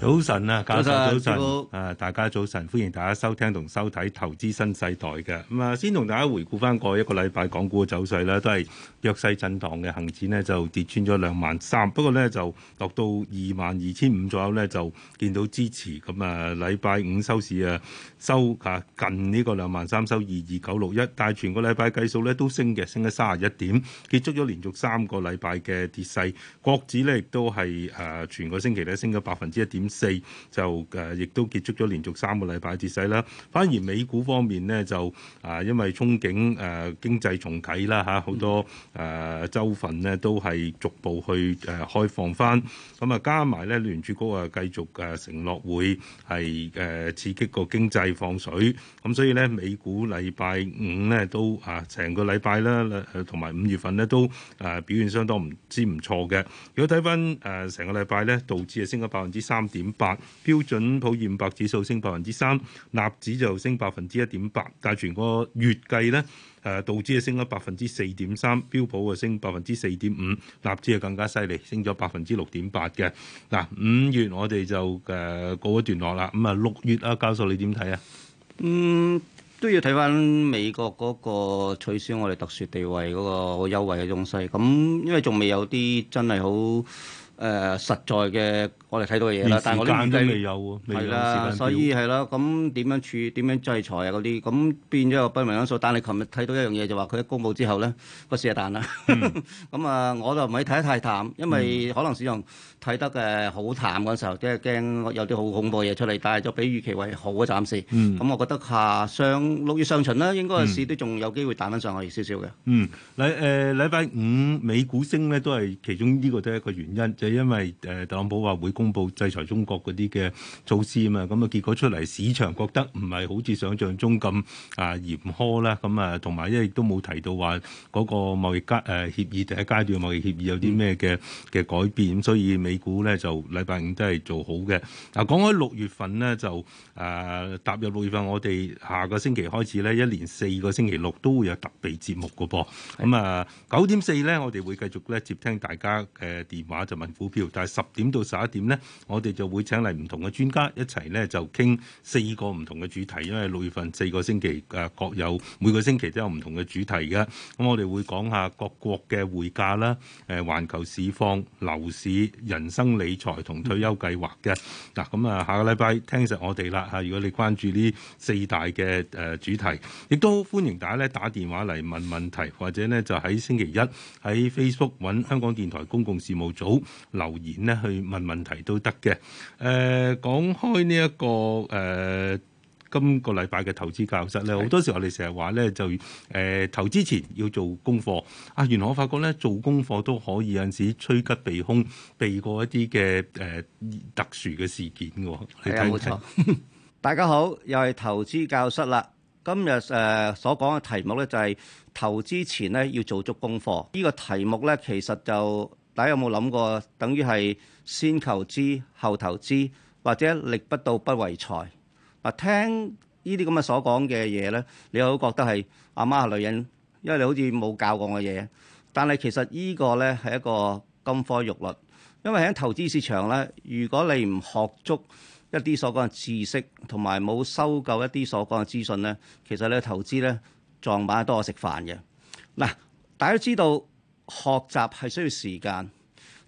早晨啊，早晨，早晨，大家早晨，歡迎大家收聽同收睇《投資新世代》嘅咁啊！先同大家回顧翻過一個禮拜港股嘅走勢啦。都係弱勢震盪嘅，恆指呢就跌穿咗兩萬三，不過呢就落到二萬二千五左右呢，就見到支持咁啊！禮拜五收市啊，收啊近呢個兩萬三，收二二九六一，但係全個禮拜計數呢都升嘅，升咗三十一點，結束咗連續三個禮拜嘅跌勢。國指呢亦都係誒、呃、全個星期咧升咗百分之一點。四就誒亦都結束咗連續三個禮拜跌勢啦，反而美股方面呢，就啊，因為憧憬誒經濟重啟啦吓，好多誒州份呢都係逐步去誒開放翻，咁啊加埋呢聯儲局啊繼續誒承諾會係誒刺激個經濟放水，咁所以呢，美股禮拜五呢都啊成個禮拜啦，同埋五月份呢都誒表現相當唔知唔錯嘅。如果睇翻誒成個禮拜呢，道指啊升咗百分之三點點八，標準普爾五百指數升百分之三，納指就升百分之一點八，但係全個月計咧，誒道指啊升咗百分之四點三，標普啊升百分之四點五，納指啊更加犀利，升咗百分之六點八嘅。嗱，五月我哋就誒過一段落啦，咁啊六月啊，教授你點睇啊？嗯，都要睇翻美國嗰個取消我哋特殊地位嗰個優惠嘅東西，咁因為仲未有啲真係好。誒實在嘅我哋睇到嘅嘢啦，但係我哋眼底未有，係啦，所以係啦，咁點樣處點樣制裁啊嗰啲，咁變咗個不明因素。但係你琴日睇到一樣嘢就話佢一公佈之後咧個市彈啦。咁啊，我就唔係睇得太淡，因為可能市場睇得誒好淡嗰陣時候，即係驚有啲好恐怖嘅嘢出嚟，但係就比預期為好嘅暫時。咁我覺得下上六月上旬咧，應該市都仲有機會彈翻上去少少嘅。嗯，禮誒禮拜五美股升咧，都係其中呢個都係一個原因。因為誒特朗普話會公佈制裁中國嗰啲嘅措施啊嘛，咁啊結果出嚟市場覺得唔係好似想象中咁啊嚴苛啦，咁啊同埋因為都冇提到話嗰個貿易階誒協議第一階段貿易協議有啲咩嘅嘅改變，嗯、所以美股咧就禮拜五都係做好嘅。嗱，講開六月份呢，就誒、呃、踏入六月份，我哋下個星期開始咧，一連四個星期六都會有特別節目噶噃。咁啊九點四咧，我哋會繼續咧接聽大家嘅電話就問。股票，但係十點到十一點呢，我哋就會請嚟唔同嘅專家一齊呢，就傾四個唔同嘅主題，因為六月份四個星期誒各有，每個星期都有唔同嘅主題嘅。咁我哋會講下各國嘅匯價啦，誒環球市況、樓市、人生理財同退休計劃嘅。嗱，咁啊下個禮拜聽實我哋啦嚇。如果你關注呢四大嘅誒主題，亦都歡迎大家呢打電話嚟問問題，或者呢就喺星期一喺 Facebook 揾香港電台公共事務組，留言咧去問問題都得嘅。誒講開呢一個誒今個禮拜嘅投資教室咧，好多時我哋成日話咧就誒投資前要做功課啊。原來我發覺咧做功課都可以有陣時趨吉避凶，避過一啲嘅誒特殊嘅事件嘅。係冇錯。 大家好，又係投資教室啦。今日誒所講嘅題目咧就係投資前咧要做足功課。呢個題目咧其實就～大家有冇諗過，等於係先求知後投資，或者力不到不為財。嗱，聽呢啲咁嘅所講嘅嘢咧，你會覺得係阿媽係女人，因為你好似冇教過我嘢。但係其實呢個咧係一個金科玉律，因為喺投資市場咧，如果你唔學足一啲所講嘅知識，同埋冇收夠一啲所講嘅資訊咧，其實你投資咧撞板係多過食飯嘅。嗱，大家都知道。學習係需要時間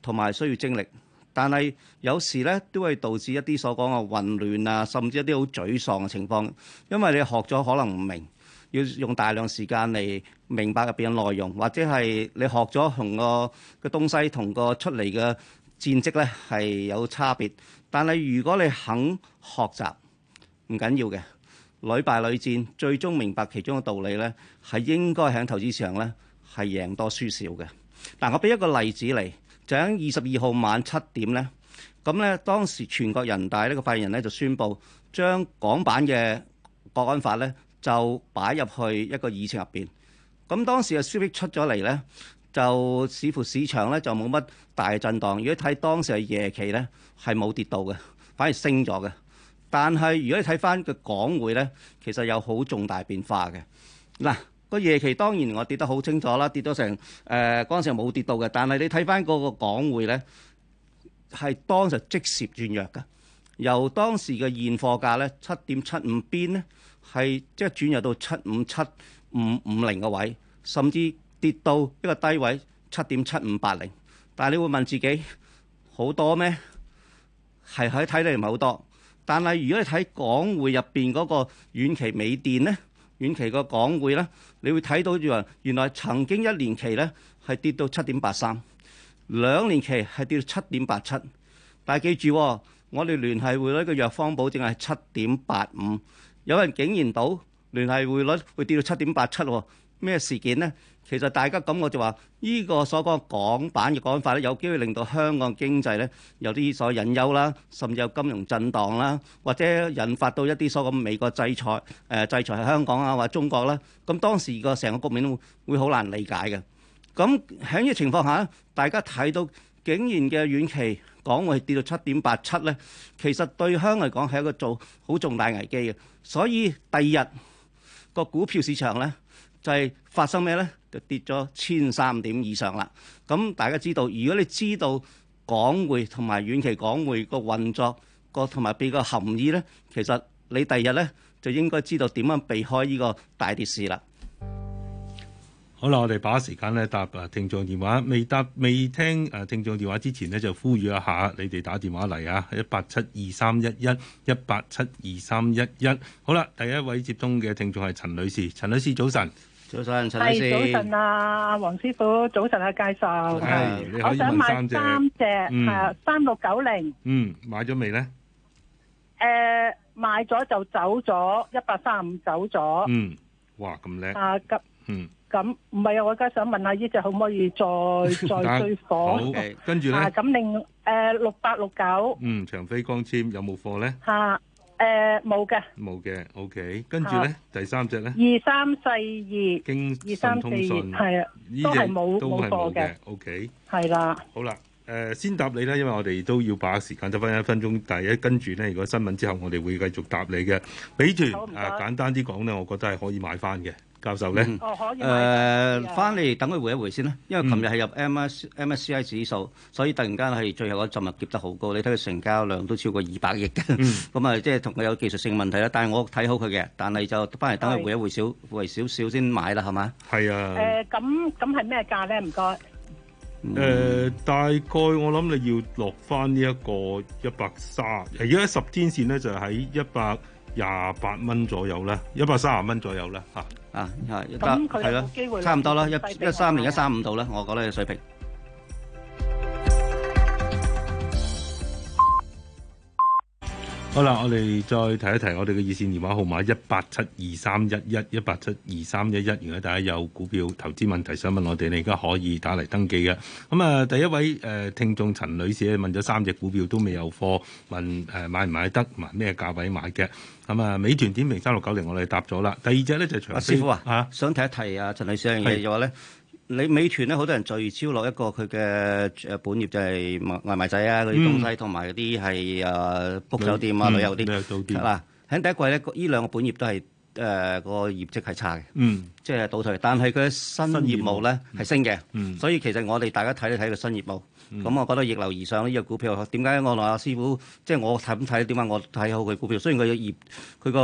同埋需要精力，但係有時咧都會導致一啲所講嘅混亂啊，甚至一啲好沮喪嘅情況。因為你學咗可能唔明，要用大量時間嚟明白入邊嘅內容，或者係你學咗同個個東西同個出嚟嘅戰績咧係有差別。但係如果你肯學習，唔緊要嘅，屢敗屢戰，最終明白其中嘅道理咧，係應該喺投資上咧係贏多輸少嘅。嗱，但我俾一個例子嚟，就喺二十二號晚七點呢。咁呢，當時全國人大呢個發言人呢，就宣布將港版嘅國安法呢，就擺入去一個議程入邊。咁當時嘅消息出咗嚟呢，就似乎市場呢，就冇乜大震盪。如果睇當時嘅夜期呢，係冇跌到嘅，反而升咗嘅。但係如果你睇翻個港匯呢，其實有好重大變化嘅。嗱。個夜期當然我跌得好清楚啦，跌咗成誒嗰陣時冇跌到嘅，但係你睇翻嗰個港匯呢，係當時即時轉弱嘅，由當時嘅現貨價呢，七點七五邊呢，係即係轉入到七五七五五零嘅位，甚至跌到一個低位七點七五八零。但係你會問自己好多咩？係喺睇嚟唔係好多，但係如果你睇港匯入邊嗰個遠期美電呢。短期個港匯呢，你會睇到原來曾經一年期呢係跌到七點八三，兩年期係跌到七點八七，但係記住，我哋聯繫匯率嘅弱方保證係七點八五，有人竟然賭聯繫匯率會跌到七點八七喎？咩事件呢？其實大家咁，我就話呢個所講港版嘅講法咧，有機會令到香港經濟咧有啲所謂隱憂啦，甚至有金融震盪啦，或者引發到一啲所謂美國制裁，誒、呃、制裁係香港啊或者中國啦。咁當時個成個局面都會好難理解嘅。咁喺呢個情況下，大家睇到竟然嘅遠期港匯跌到七點八七咧，其實對香港嚟講係一個好重大危機嘅。所以第二日個股票市場咧。就係發生咩呢？就跌咗千三點以上啦。咁大家知道，如果你知道港匯同埋遠期港匯個運作個同埋俾個含義呢，其實你第二日呢，就應該知道點樣避開呢個大跌市啦。好啦，我哋把握時間呢。答啊聽眾電話。未答未聽啊聽眾電話之前呢，就呼籲一下你哋打電話嚟啊，一八七二三一一一八七二三一一。好啦，第一位接通嘅聽眾係陳女士，陳女士早晨。早晨，陳生。係早晨啊，黃師傅。早晨啊，介紹。係，我想買三隻，係三六九零。嗯，買咗未咧？誒，買咗就走咗，一百三十五走咗。嗯，哇，咁叻啊！咁，嗯，咁唔係啊，我而家想問下呢隻可唔可以再再追貨嘅？好，跟住咧，咁另誒六八六九。嗯，長飛光纖有冇貨咧？哈。誒，冇嘅、呃，冇嘅，OK。跟住咧，啊、第三隻咧，二三四二，京信通訊，係啊，呢隻冇冇嘅，OK。係啦的，好啦，誒、呃，先答你啦，因為我哋都要把時間得翻一分鐘。第一，跟住咧，如果新聞之後，我哋會繼續答你嘅。美團，啊、呃，簡單啲講咧，我覺得係可以買翻嘅。教授咧，誒，翻嚟等佢回一回先啦。因為琴日係入 M S M S C I 指數，所以突然間係最後嗰陣日撿得好高。你睇佢成交量都超過二百億嘅，咁啊，即係同佢有技術性問題啦。但係我睇好佢嘅，但係就翻嚟等佢回一回少回少少先買啦，係嘛？係啊。誒，咁咁係咩價咧？唔該。誒，大概我諗你要落翻呢一個一百三十，而家十天線咧就喺一百廿八蚊左右啦，一百三十蚊左右啦嚇。啊，係，一差，係咯較，差唔多啦，一，一三年一三五度啦，我覺得你水平。好啦，我哋再提一提我哋嘅熱線電話號碼一八七二三一一一八七二三一一，如果大家有股票投資問題想問我哋，你而家可以打嚟登記嘅。咁啊，第一位誒、呃、聽眾陳女士咧問咗三隻股票都未有貨，問誒、呃、買唔買得，埋咩價位買嘅。咁啊，美團點評三六九零我哋答咗啦。第二隻咧就是、長。阿師傅啊，啊想提一提啊，陳女士嘅話咧。是你美團咧，好多人聚焦落一個佢嘅誒本業，就係外賣仔啊嗰啲東西，同埋嗰啲係誒 book 酒店啊旅遊啲，係嘛？喺第一季咧，呢兩個本業都係誒個業績係差嘅，嗯，即係倒退。但係佢新業務咧係升嘅，所以其實我哋大家睇一睇個新業務，咁我覺得逆流而上呢隻股票，點解我話師傅？即係我係睇，點解我睇好佢股票？雖然佢業佢個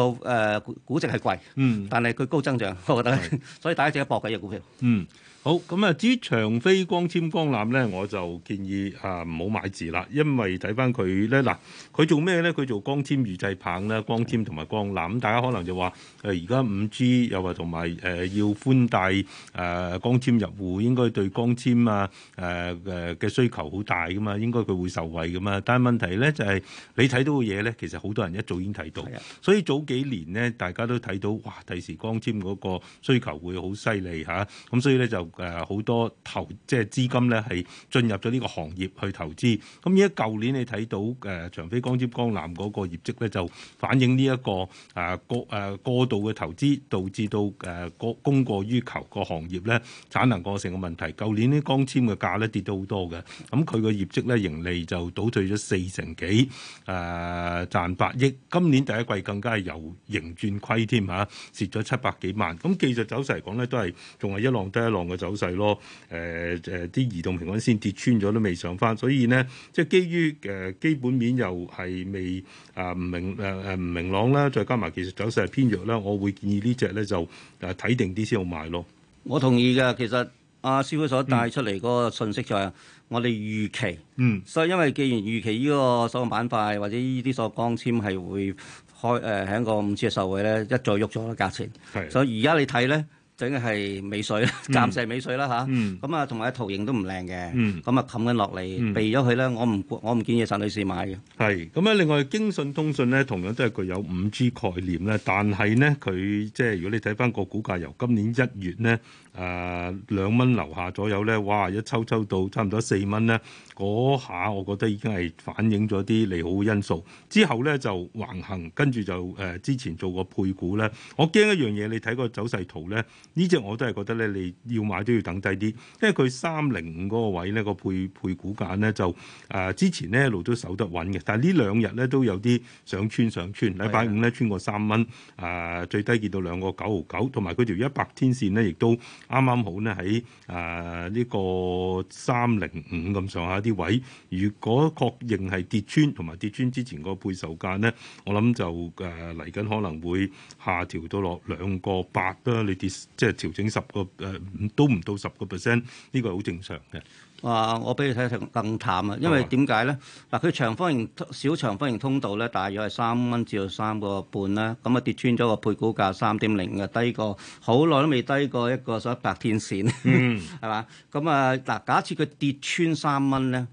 誒估值係貴，嗯，但係佢高增長，我覺得，所以大家值得一搏嘅隻股票，嗯。好咁啊！至於長飛光纖光纜咧，我就建議啊唔好買字啦，因為睇翻佢咧嗱，佢做咩咧？佢做光纖預製棒啦，光纖同埋光纜。咁大家可能就話誒，而家五 G 又話同埋誒要寬帶誒、呃、光纖入戶，應該對光纖啊誒誒嘅需求好大噶嘛，應該佢會受惠噶嘛。但係問題咧就係你睇到嘅嘢咧，其實好多人一早已經睇到，所以早幾年咧大家都睇到哇，第時光纖嗰個需求會好犀利嚇，咁所以咧就。誒好多投即係資金咧，係進入咗呢個行業去投資。咁依家舊年你睇到誒、呃、長飛光纖、江南嗰個業績咧，就反映呢、這、一個誒、啊、過誒、啊、過度嘅投資，導致到誒、啊、過供過於求個行業咧產能過剩嘅問題。舊年啲光纖嘅價咧跌到好多嘅，咁佢個業績咧盈利就倒退咗四成幾誒賺八億。今年第一季更加係由盈轉虧添吓蝕咗七百幾萬，咁技術走勢嚟講咧，都係仲係一浪低一浪嘅。走勢咯，誒誒啲移動平均線跌穿咗都未上翻，所以呢，即係基於誒基本面又係未，啊、呃、唔明誒誒唔明朗啦，再加埋其實走勢係偏弱啦，我會建議呢隻咧就誒睇定啲先好買咯。我同意嘅，其實阿師傅所帶出嚟嗰個信息就係我哋預期，嗯，所以因為既然預期呢個所個板塊或者呢啲所個光纖係會開誒喺，呃、個五日嘅受惠咧一再喐咗個價錢，係的，所以而家你睇咧。整係尾水啦，暫時係尾水啦嚇，咁、嗯、啊同埋個圖形都唔靚嘅，咁啊冚緊落嚟避咗佢啦，我唔我唔建議陳女士買嘅。係，咁啊另外京信通信咧，同樣都係具有五 G 概念咧，但係咧佢即係如果你睇翻個股價由今年一月咧，誒兩蚊樓下左右咧，哇一抽抽到差唔多四蚊咧。嗰下我覺得已經係反映咗啲利好因素，之後咧就橫行，跟住就誒、呃、之前做過配股咧，我驚一樣嘢，你睇個走勢圖咧，呢、這、隻、個、我都係覺得咧你要買都要等低啲，因為佢三零五嗰個位呢、呢個配配股價咧就誒、呃、之前呢一路都守得穩嘅，但係呢兩日咧都有啲上穿上穿，禮拜五咧穿過三蚊，誒、呃、最低見到兩個九毫九，同埋佢條一百天線呢，亦都啱啱好咧喺誒呢、呃這個三零五咁上下。位，如果確認係跌穿同埋跌穿之前個配售價咧，我諗就誒嚟緊可能會下調到落兩個八啦。你跌即係調整十個誒、呃，都唔到十個 percent，呢個係好正常嘅。哇，我俾你睇成更淡啊，因為點解咧？嗱，佢長方形小長方形通道咧，大約係三蚊至到三個半啦。咁啊，跌穿咗個配股價三點零嘅，低過好耐都未低過一個所謂一百天線，係嘛、嗯？ 咁啊，嗱，假設佢跌穿三蚊咧。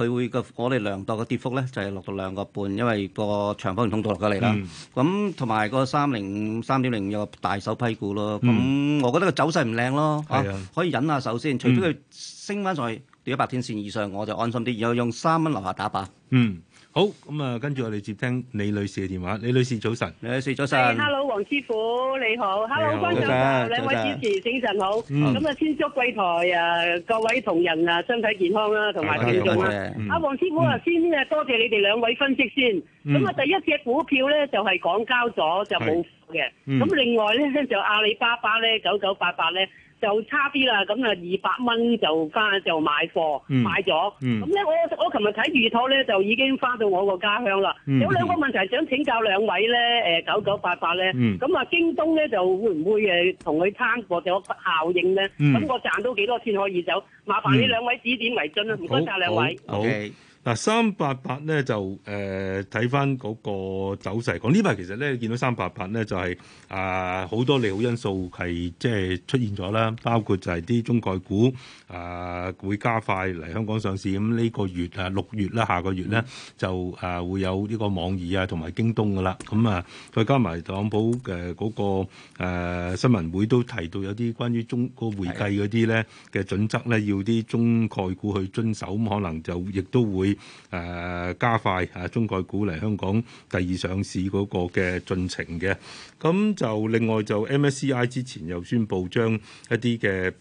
佢會個我哋量度嘅跌幅咧，就係、是、落到兩個半，因為個長方形通道落咗嚟啦。咁同埋個三零五、三點零有個大手批股咯。咁、嗯嗯、我覺得個走勢唔靚咯，嚇、啊啊、可以忍下手先，除非佢升翻上去，跌一百天線以上，我就安心啲。然後用三蚊樓下打靶。嗯。好，咁啊，跟住我哋接聽李女士嘅電話。李女士早晨，誒，早晨。Hello，黃師傅你好，Hello，觀眾，兩位主持，醒神好。咁啊，先祝櫃台啊各位同仁啊身體健康啦，同埋聽眾啊。阿黃師傅啊，先啊多謝你哋兩位分析先。咁啊，第一隻股票咧就係港交咗就冇嘅。咁另外咧就阿里巴巴咧九九八八咧。就差啲啦，咁啊二百蚊就翻就買貨，買咗。咁咧我我琴日睇預託咧就已經翻到我個家鄉啦。嗯、有兩個問題想請教兩位咧，誒九九八八咧，咁啊、嗯、京東咧就會唔會誒同佢攤貨咗效應咧？咁、嗯、我賺到幾多錢可以走？麻煩你兩位指點為準啊！唔該晒兩位。嗱，三八八咧就誒睇翻嗰個走勢嚟講，呢排其實咧見到三八八咧就係啊好多利好因素係即係出現咗啦，包括就係啲中概股啊、呃、會加快嚟香港上市，咁呢個月啊六月啦，下個月咧就啊、呃、會有呢個網易啊同埋京東噶啦，咁啊再加埋特朗普嘅嗰個、呃、新聞會都提到有啲關於中個會計嗰啲咧嘅準則咧，要啲中概股去遵守，咁可能就亦都會。誒、呃，加快啊，中概股嚟香港第二上市嗰個嘅進程嘅，咁就另外就 MSCI 之前又宣布將一啲嘅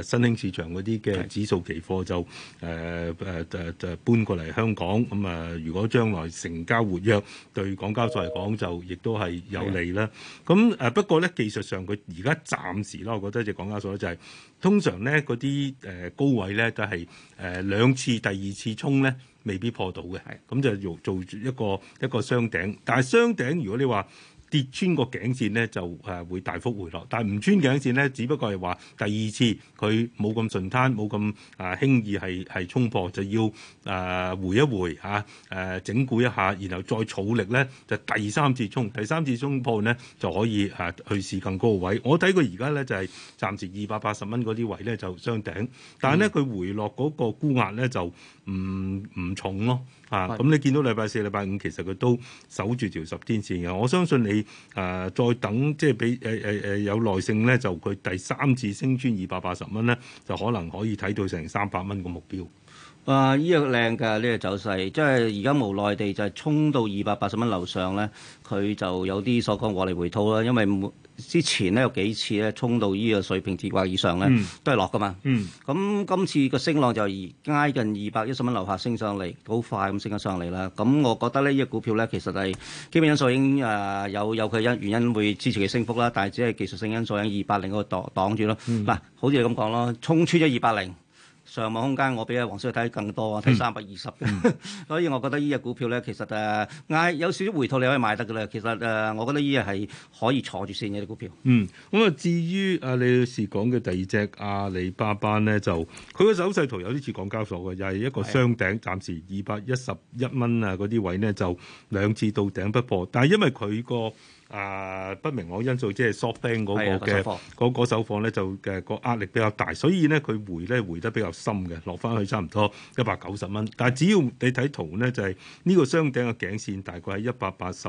誒新興市場嗰啲嘅指數期貨就誒誒誒誒搬過嚟香港，咁、嗯、啊、呃、如果將來成交活躍，對港交所嚟講就亦都係有利啦。咁誒的不過咧技術上佢而家暫時咧，我覺得隻港交所就係、是。通常咧，嗰啲誒高位咧都係誒、呃、兩次第二次衝咧未必破到嘅，係咁就做做一個一個雙頂。但係雙頂如果你話，跌穿個頸線，咧就誒會大幅回落，但係唔穿頸線咧，只不過係話第二次佢冇咁順攤，冇咁啊輕易係係衝破，就要誒、呃、回一回嚇誒、啊啊、整固一下，然後再儲力咧就第三次衝，第三次衝破咧就可以誒、啊、去試更高位。我睇佢而家咧就係、是、暫時二百八十蚊嗰啲位咧就雙頂，但係咧佢回落嗰個沽壓咧就唔唔重咯。啊，咁你見到禮拜四、禮拜五其實佢都守住條十天線嘅，我相信你啊、呃，再等即係俾誒誒誒有耐性咧，就佢第三次升穿二百八十蚊咧，就可能可以睇到成三百蚊個目標。啊！依、這個靚㗎呢個走勢，即係而家無奈地就係衝到二百八十蚊樓上咧，佢就有啲所講獲利回吐啦。因為之前咧有幾次咧衝到呢個水平節掛以上咧，嗯、都係落㗎嘛。咁、嗯、今次個升浪就二挨近二百一十蚊樓下升上嚟，好快咁升咗上嚟啦。咁我覺得呢依、這個股票咧其實係基本因素已經誒、呃、有有佢因原因會支持佢升幅啦，但係只係技術性因素喺二百零嗰度擋住咯。嗱、嗯啊，好似你咁講咯，衝穿咗二百零。上網空間，我比阿黃小睇更多，睇三百二十嘅。 所以我覺得呢隻股票咧，其實誒，嗌、啊、有少少回吐你可以買得嘅啦。其實誒、啊，我覺得呢隻係可以坐住先嘅股票。嗯，咁啊，至於阿李女士講嘅第二隻阿里巴巴咧，就佢個手勢圖有啲似港交所嘅，又係一個雙頂，暫時二百一十一蚊啊嗰啲位呢，就兩次到頂不破，但係因為佢個誒、啊、不明朗因素，即係 s o f t i n g 嗰個嘅嗰嗰手貨咧、那個那個，就嘅、那個壓力比較大，所以咧佢回咧回得比較深嘅，落翻去差唔多一百九十蚊。但係只要你睇圖咧，就係、是、呢個雙頂嘅頸線大概係一百八十。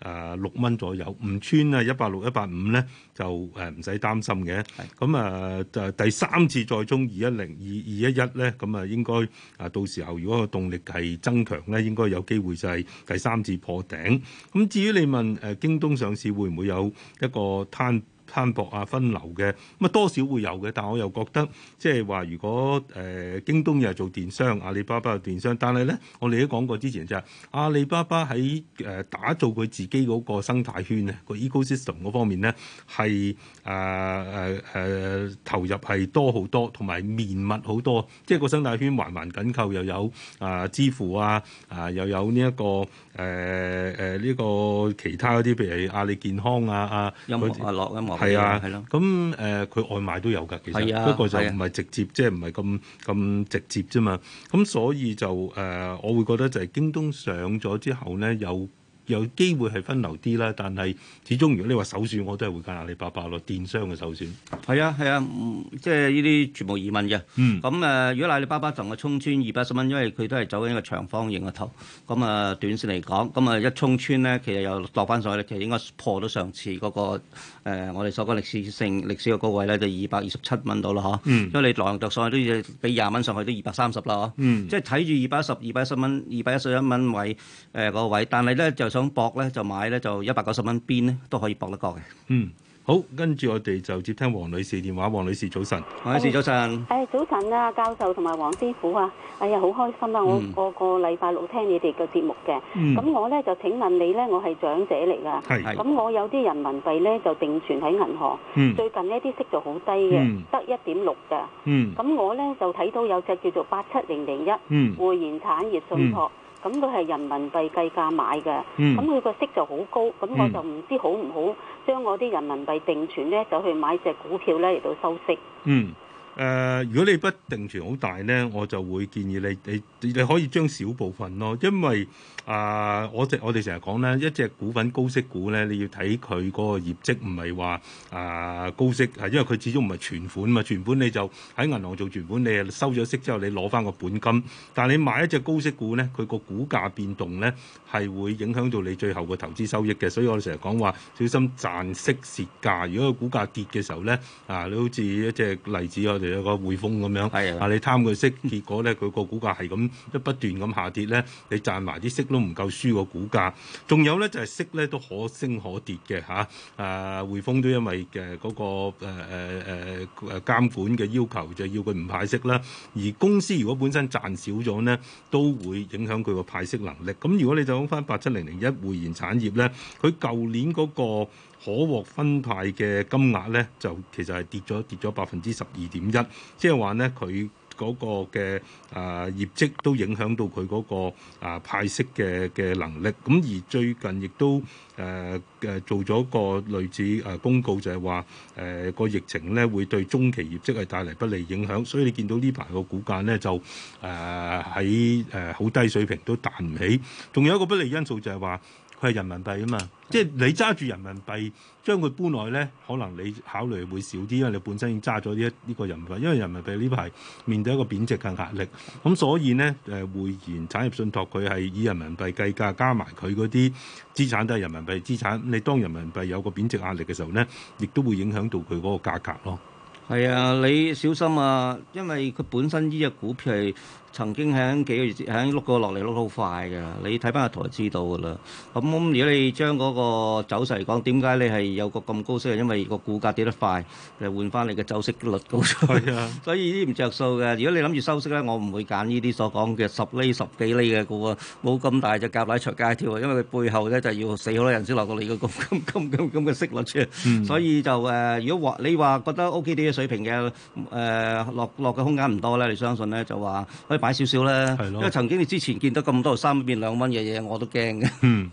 誒六蚊左右，唔穿啊一百六一百五咧就誒唔使擔心嘅。咁誒就第三次再衝二一零二二一一咧，咁、嗯、啊應該啊到時候如果個動力係增強咧，應該有機會就係第三次破頂。咁、嗯、至於你問誒、呃、京東上市會唔會有一個攤？攤薄啊，分流嘅咁啊，多少會有嘅。但我又覺得即係話，如果誒、呃、京東又係做電商，阿里巴巴又電商，但係咧，我哋都講過之前就係、是、阿里巴巴喺誒、呃、打造佢自己嗰個生態圈、那個呃、啊，個 ecosystem 嗰方面咧係誒誒誒投入係多好多，同埋綿密好多，即係個生態圈環環緊扣，又有啊、呃、支付啊啊、呃、又有呢、這、一個。誒誒呢個其他啲，譬如阿里健康啊啊，音樂音樂，係些啊，係咯、啊。咁、呃、誒，佢外賣都有㗎，其實、啊、不過就唔係直接，啊、即係唔係咁咁直接啫嘛。咁、啊嗯、所以就誒、呃，我會覺得就係京東上咗之後咧，有。有機會係分流啲啦，但係始終如果你話首選，我都係會揀阿里巴巴咯，電商嘅首選。係啊，係啊，嗯、即係呢啲全部移民嘅。咁誒、嗯，如果阿里巴巴同個衝穿二百一十蚊，因為佢都係走緊一個長方形嘅頭。咁、嗯、啊，短線嚟講，咁啊一衝穿咧，其實又落翻上去，其實應該破到上次嗰、那個、呃、我哋所講歷史性歷史嘅高位咧，就二百二十七蚊到咯，嗬、嗯。因為你來回上落都要畀廿蚊上去都二百三十啦，嗯、即係睇住二百一十二百一十蚊、二百一十一蚊位誒嗰個位，但係咧就。想搏咧就買咧就一百九十蚊邊咧都可以搏得過嘅。嗯，好，跟住我哋就接聽王女士電話。王女士早晨，王女士早晨。誒，早晨啊，教授同埋黃師傅啊，哎呀，好開心啊！我個個禮拜六聽你哋嘅節目嘅。咁我咧就請問你咧，我係長者嚟㗎。係係。咁我有啲人民幣咧就定存喺銀行。嗯。最近呢啲息就好低嘅，得一點六㗎。嗯。咁我咧就睇到有隻叫做八七零零一，嗯，匯賢產業信託。咁佢係人民幣計價買嘅，咁佢個息就好高，咁我就唔知好唔好將我啲人民幣定存咧，就去買隻股票咧嚟到，收息。嗯誒、呃，如果你不定存好大咧，我就會建議你，你你可以將少部分咯，因為，啊、呃，我我哋成日講咧，一隻股份高息股咧，你要睇佢嗰個業績，唔係話啊高息，係因為佢始終唔係存款嘛，存款你就喺銀行做存款，你收咗息之後，你攞翻個本金。但係你買一隻高息股咧，佢個股價變動咧係會影響到你最後個投資收益嘅，所以我哋成日講話小心賺息蝕價，價，如果個股價跌嘅時候咧，啊你好似一隻例子我哋。有個匯豐咁樣，但係的你貪佢息，結果咧佢個股價係咁，一不斷都不斷咁下跌咧，你賺埋啲息都唔夠輸個股價。仲有咧就係息咧都可升可跌嘅吓。誒匯豐都因為嘅嗰個誒誒誒誒監管嘅要求，就要佢唔派息啦。而公司如果本身賺少咗咧，都會影響佢個派息能力。咁、啊、如果你就講翻八七零零一匯賢產業咧，佢舊年嗰、嗰個。可獲分派嘅金額咧，就其實係跌咗跌咗百分之十二點一，即係話咧佢嗰個嘅誒、呃、業績都影響到佢嗰、嗰個、呃、派息嘅嘅能力。咁而最近亦都誒誒、呃、做咗個類似誒、呃、公告就，就係話誒個疫情咧會對中期業績係帶嚟不利影響。所以你見到呢排個股價咧就誒喺誒好低水平都彈唔起。仲有一個不利因素就係話，佢係人民幣啊嘛，即係你揸住人民幣將佢搬來咧，可能你考慮會少啲，因為你本身已經揸咗呢一呢個人民幣，因為人民幣呢排面對一個貶值嘅壓力，咁所以咧誒匯賢產業信託佢係以人民幣計價，加埋佢嗰啲資產都係人民幣資產，你當人民幣有個貶值壓力嘅時候咧，亦都會影響到佢嗰個價格咯。係啊，你小心啊，因為佢本身呢隻股票係。曾經喺幾個月喺碌過落嚟碌得好快㗎，你睇翻個圖就知道㗎啦。咁如果你將嗰個走勢嚟講，點解你係有個咁高息？係因為個股價跌得快，就換翻你嘅走息率高咗啊。所以呢啲唔著數嘅。如果你諗住收息咧，我唔會揀呢啲所講嘅十釐、十幾釐嘅股啊。冇咁大隻夾奶出街跳啊，因為佢背後咧就要死好多人先落到你個咁咁咁咁嘅息率出嚟。所以就誒，如果話你話覺得 OK 啲嘅水平嘅誒落落嘅空間唔多咧，你相信咧就話可以。買少少啦，因為曾經你之前見得咁多三變兩蚊嘅嘢，我都驚嘅、嗯。嗯，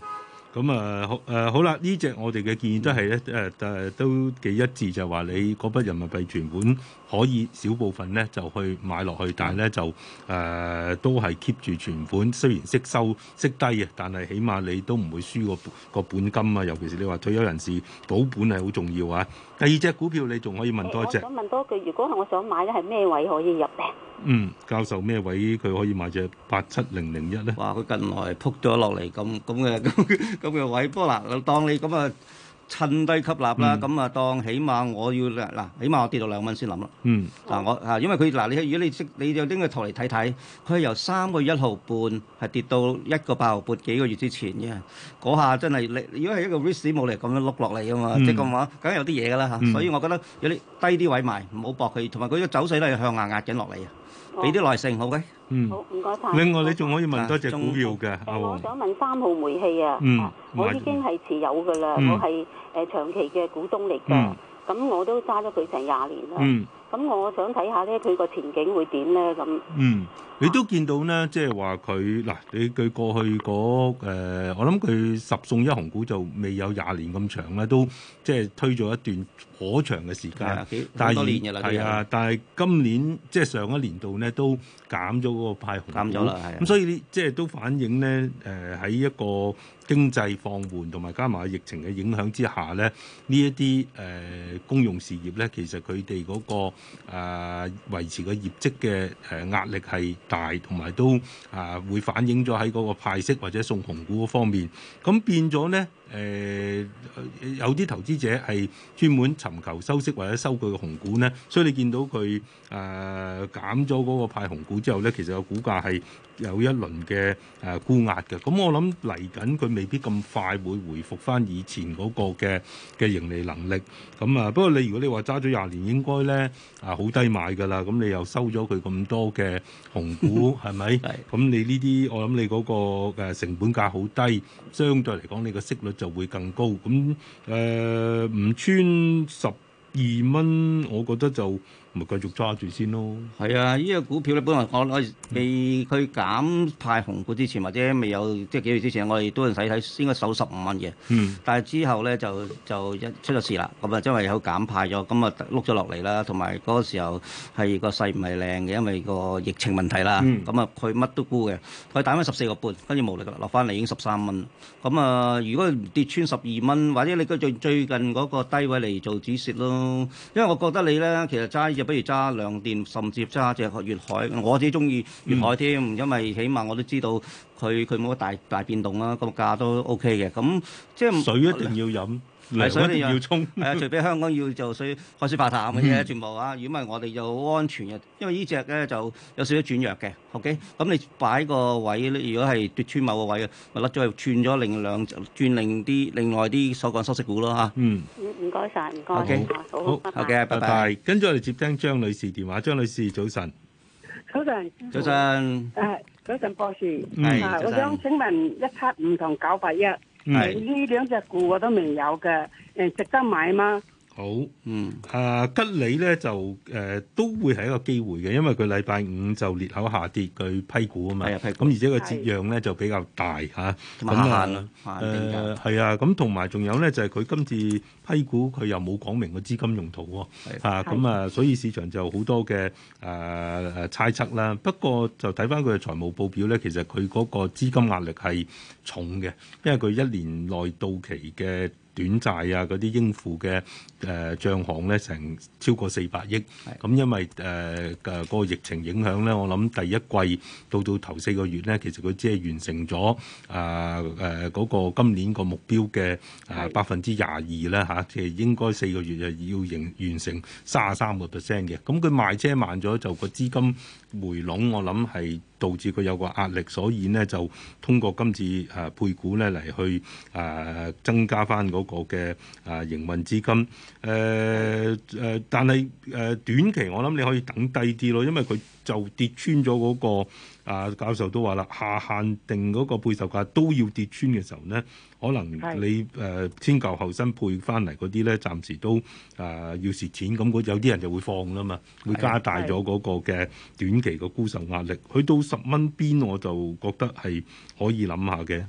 咁啊，誒、嗯、好啦，呢隻我哋嘅建議、呃、都係咧，誒誒都幾一致，就係、是、話你嗰筆人民幣存款可以小部分咧就去買落去，但係咧就誒、呃、都係 keep 住存款。雖然息收息低嘅，但係起碼你都唔會輸個個本金啊。尤其是你話退休人士保本係好重要啊。第二隻股票你仲可以問多一隻？我想問多句，如果係我想買咧，係咩位可以入咧？嗯，教授咩位佢可以買隻八七零零一咧？哇！佢近來撲咗落嚟咁咁嘅咁咁嘅位，不過嗱，當你咁啊趁低吸納啦，咁啊、嗯、當起碼我要嗱，起碼我跌到兩蚊先諗啦。嗯，嗱、啊、我啊，因為佢嗱，你如果你識，你就拎個圖嚟睇睇，佢由三個月一毫半係跌到一個八毫半，幾個月之前嘅嗰下真係你，如果係一個 risk 冇嚟咁樣碌落嚟啊嘛，即係咁話梗係有啲嘢㗎啦嚇。所以我覺得有啲低啲位賣，唔好搏佢，同埋佢個走勢都係向下壓緊落嚟啊。俾啲耐性，好嘅。嗯。好，唔該晒。另外，謝謝你仲可以問多隻股票嘅。我想問三號煤氣啊。嗯。嗯，我已經係持有嘅啦，嗯、我係誒長期嘅股東嚟嘅。嗯。咁我都揸咗佢成廿年啦。嗯。咁我想睇下咧，佢個前景會點咧？咁。嗯。你都見到咧，即係話佢嗱，你佢過去嗰、呃、我諗佢十送一紅股就未有廿年咁長咧，都。即係推咗一段好長嘅時間，的但係而係啊！但係今年即係上一年度咧，都減咗嗰個派紅股，咁所以呢，即係都反映咧，誒、呃、喺一個經濟放緩同埋加埋疫情嘅影響之下咧，呢一啲誒公用事業咧，其實佢哋嗰個啊、呃、維持個業績嘅誒壓力係大，同埋都啊、呃、會反映咗喺嗰個派息或者送紅股嗰方面，咁變咗咧。誒、呃、有啲投資者係專門尋求收息或者收佢嘅紅股咧，所以你見到佢誒、呃、減咗嗰個派紅股之後咧，其實個股價係，有一輪嘅誒、呃、沽壓嘅，咁、嗯、我諗嚟緊佢未必咁快會回復翻以前嗰個嘅嘅盈利能力。咁、嗯、啊，不過你如果你話揸咗廿年，應該咧啊好低買㗎啦。咁你又收咗佢咁多嘅紅股，係咪？ 咁、 嗯、你呢啲我諗你嗰、嗰個、呃、成本價好低，相對嚟講你個息率就會更高。咁誒唔穿十二蚊，我覺得就。咪繼續揸住先咯。係啊，呢、這個股票咧，本來我我未佢減派紅股之前或者未有即係幾月之前，我哋都係使睇先該守十五蚊嘅。嗯。但係之後咧就就一出咗事啦。咁啊，因為有減派咗，咁啊碌咗落嚟啦。同埋嗰個時候係個勢唔係靚嘅，因為個疫情問題啦。咁啊、嗯，佢乜都沽嘅，佢打翻十四個半，跟住無力落翻嚟已經十三蚊。咁啊，如果跌穿十二蚊，或者你個最最近嗰個低位嚟做止蝕咯。因為我覺得你咧其實揸不如揸兩電，甚至揸隻粵海，我自己中意粵海添，嗯、因為起碼我都知道佢佢冇乜大大變動啦，個價都 OK 嘅，咁即係。水一定要飲。哎係，所以你要沖，係啊，除非香港要做所以海水化淡嘅嘢，全部啊，如果唔係我哋就好安全嘅，因為呢隻咧就有少少轉弱嘅，OK？咁你擺個位咧，如果係跌穿某個位嘅，咪甩咗去串咗另兩串另啲另外啲所講收息股咯吓，嗯，唔該晒，唔該，好，好，好，OK，拜拜。跟住我哋接聽張女士電話，張女士早晨，早晨，早晨，誒，早晨博士，係，我想請問一七五同九八一。呢兩隻股我都未有嘅，誒值得買嗎？好，嗯，啊，吉利咧就誒、呃、都會係一個機會嘅，因為佢禮拜五就裂口下跌，佢批股啊嘛，係啊批股咁、嗯、而且個折讓咧就比較大咁有限咯，係啊，咁同埋仲有咧就係、是、佢今次批股佢又冇講明個資金用途喎，咁啊，所以市場就好多嘅誒誒猜測啦。不過就睇翻佢嘅財務報表咧，其實佢嗰個資金壓力係重嘅，因為佢一年內到期嘅。短債啊，嗰啲應付嘅誒帳項咧，成超過四百億。咁的因為誒誒嗰個疫情影響咧，我諗第一季到到頭四個月咧，其實佢只係完成咗啊誒嗰個今年個目標嘅、呃、啊百分之廿二啦吓，即係應該四個月就要完完成三十三個 percent 嘅。咁佢、嗯、賣車慢咗，就個資金，回籠我諗係導致佢有個壓力，所以咧就通過今次誒配股咧嚟去誒、呃、增加返嗰個嘅誒、啊、營運資金。誒、呃、誒、呃，但係誒、呃、短期我諗你可以等低啲咯，因為佢就跌穿咗嗰、那個。啊、uh, 教授都話啦，下限定嗰個配售價都要跌穿嘅時候咧，可能你誒是、呃、先舊後新配翻嚟嗰啲咧，暫時都誒、呃、要蝕錢，咁嗰有啲人就會放啦嘛，會加大咗嗰個嘅短期個沽售壓力。是去到十蚊邊我就覺得係可以諗下嘅，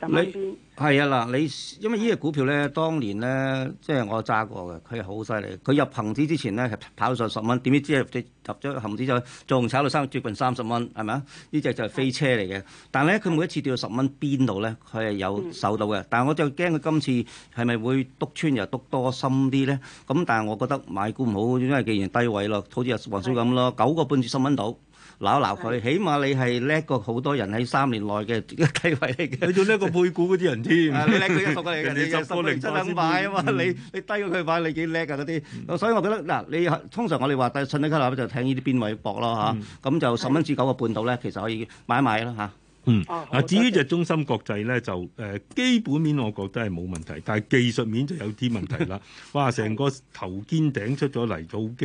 十蚊係啊，嗱，你因為呢隻股票咧，當年咧，即係我揸過嘅，佢係好犀利。佢入恒指之前咧係跑上十蚊，點知之後跌入咗恒指就仲炒到三，接近三十蚊，係咪啊？呢隻就係飛車嚟嘅。但係咧，佢每一次跌到十蚊，邊度咧，佢係有守到嘅。但係我就驚佢今次係咪會篤穿又篤多深啲咧？咁但係我覺得買股唔好，因為既然低位咯，好似阿黃少咁咯，九個半至十蚊到。攬一攬佢，起碼你係叻過好多人喺三年內嘅地位嚟嘅。你仲叻 過配股嗰啲人添。 人你叻過一級嚟嘅，你有十零七百啊嘛，你、嗯、你低過佢塊、啊，你幾叻啊嗰啲。所以我覺得嗱、啊，你通常我哋話帶信底級啦，就聽呢啲邊位搏咯嚇。咁、嗯嗯、就十蚊至九個半度咧，其實可以買一買啦嚇。嗯，嗱、哦，至於就中心國際咧，就誒、呃、基本面，我覺得係冇問題，但係技術面就有啲問題啦。 哇，成個頭肩頂出咗嚟，好驚！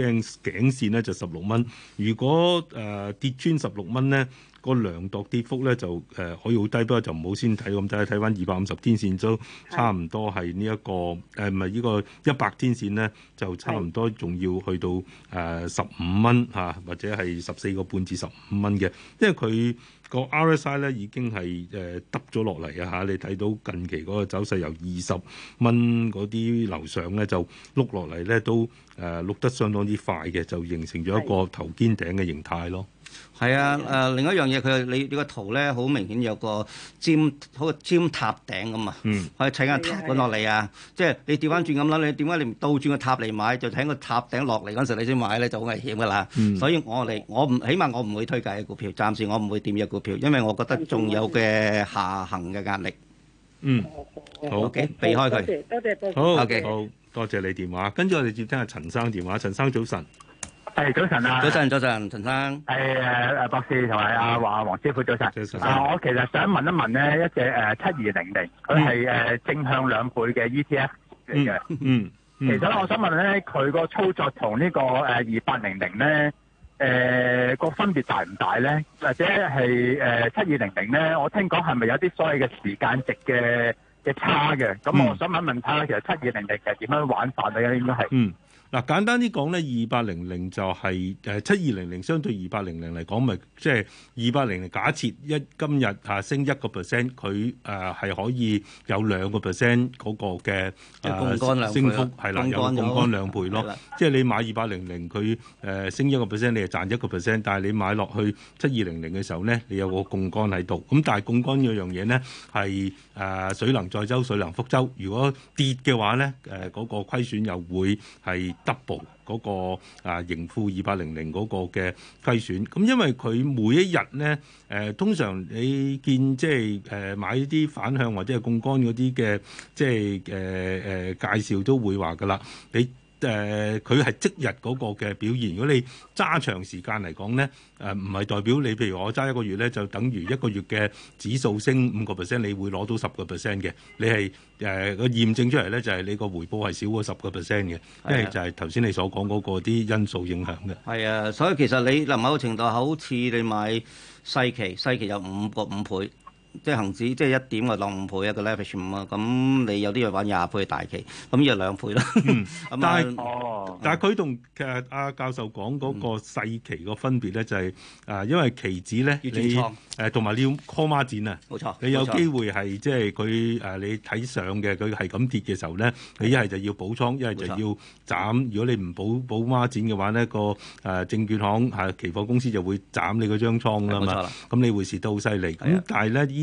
頸線咧就十六蚊，如果誒、呃、跌穿十六蚊咧，個量度跌幅咧就誒、呃、可以好低，不過就唔好先睇咁低，睇翻二百五十天線都差唔多係呢一個誒，唔係呢個一百天線咧，就差唔多仲要去到誒十五蚊嚇，或者係十四個半至十五蚊嘅，因為佢。個 RSI 咧已經係誒揼咗落嚟啊！吓、呃，你睇到近期嗰個走勢由二十蚊嗰啲樓上咧就碌落嚟咧都誒碌、呃、得相當之快嘅，就形成咗一個頭肩頂嘅形態咯。係啊，誒另一樣嘢，佢你你個圖咧好明顯有個尖，好似尖塔頂咁啊，可以睇下塔滾落嚟啊！即係你調翻轉咁諗，你點解你唔倒轉個塔嚟買，就睇個塔頂落嚟嗰時你先買咧就好危險噶啦！所以我嚟，我唔起碼我唔會推介嘅股票，暫時我唔會點入股票，因為我覺得仲有嘅下行嘅壓力。嗯，好嘅，避開佢。多謝多謝，好 OK，好，多謝你電話。跟住我哋接聽下陳生電話。陳生早晨。係，早晨，早晨啊師傅！早晨，早晨，陳生係誒誒，博士同埋阿華黃師傅早晨。早晨啊！我其實想問一問咧，一隻誒七二零零，佢係誒正向兩倍嘅 ETF 嚟嘅。嗯，其實我想問咧，佢個操作同、這個呃、呢個誒二八零零咧，誒、呃、個分別大唔大咧？或者係誒七二零零咧？我聽講係咪有啲所謂嘅時間值嘅嘅差嘅？咁我想問一問睇咧，其實七二零零其實點樣玩法啊？應該係嗯。嗯嗱，簡單啲講咧，二八零零就係誒七二零零相對二八零零嚟講，咪即係二八零零假設一今日嚇升一個 percent，佢誒係可以有兩、那個 percent 嗰個嘅升幅，係啦，有槓桿兩倍咯。即係對你買二八零零，佢、呃、誒升一個 percent，你就賺一個 percent，但係你買落去七二零零嘅時候咧，你有個槓桿喺度。咁但係槓桿嗰樣嘢咧，係誒水能載舟，水能覆舟。如果跌嘅話咧，誒、呃、嗰、那個虧損又會係。double 嗰、那個啊盈富二八零零嗰個嘅計算，咁、嗯、因為佢每一日咧，誒、呃、通常你見即係誒買一啲反向或者係槓桿嗰啲嘅，即係誒誒介紹都會話噶啦，你。誒，佢係、呃、即日嗰個嘅表現。如果你揸長時間嚟講咧，誒唔係代表你譬如我揸一個月咧，就等於一個月嘅指數升五個 percent，你會攞到十個 percent 嘅。你係誒個驗證出嚟咧，就係、是、你個回報係少過十個 percent 嘅，因為、啊、就係頭先你所講嗰個啲因素影響嘅。係啊，所以其實你嗱某程度好似你買細期，細期有五個五倍。即係恒指，即係一點啊，當五倍一個 leverage 咁啊。咁你有啲要玩廿倍大期，咁又兩倍啦、 嗯。但係， 嗯、但係佢同其實阿教授講嗰個細期個分別咧，就係啊，因為期指咧，要轉倉誒同埋你要 call 孖展啊。冇錯，你有機會係即係佢誒，你睇上嘅佢係咁跌嘅時候咧，你一係就要補倉，一係就要斬。錯如果你唔補補孖展嘅話咧，個誒證券行係期貨公司就會斬你個張倉啦嘛。咁錯錯你會蝕得好犀利。咁的但係咧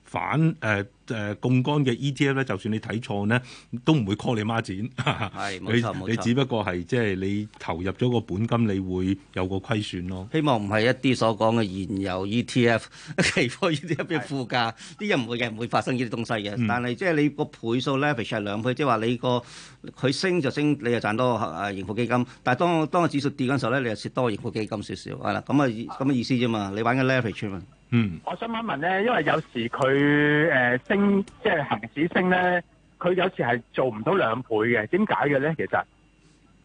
反誒誒槓桿嘅 ETF 咧，呃呃、ET F, 就算你睇錯呢，都唔會 call 你孖展。係冇錯你只不過係即係你投入咗個本金，你會有個虧損咯。希望唔係一啲所講嘅燃油 ETF ET、期貨 ETF 嘅負價，啲嘢唔會唔會發生呢啲東西嘅。嗯、但係即係你個倍數 leverage 係兩倍，即係話你個佢升就升，你又賺多個盈富基金。但係當當個指數跌嗰時候咧，你又蝕多盈富基金少少。係啦，咁啊咁嘅意思啫嘛，你玩嘅 leverage 嘛。嗯。我想問一問咧，因為有時佢。佢誒、呃、升，即係恒指升咧，佢有時係做唔到兩倍嘅，點解嘅咧？其實。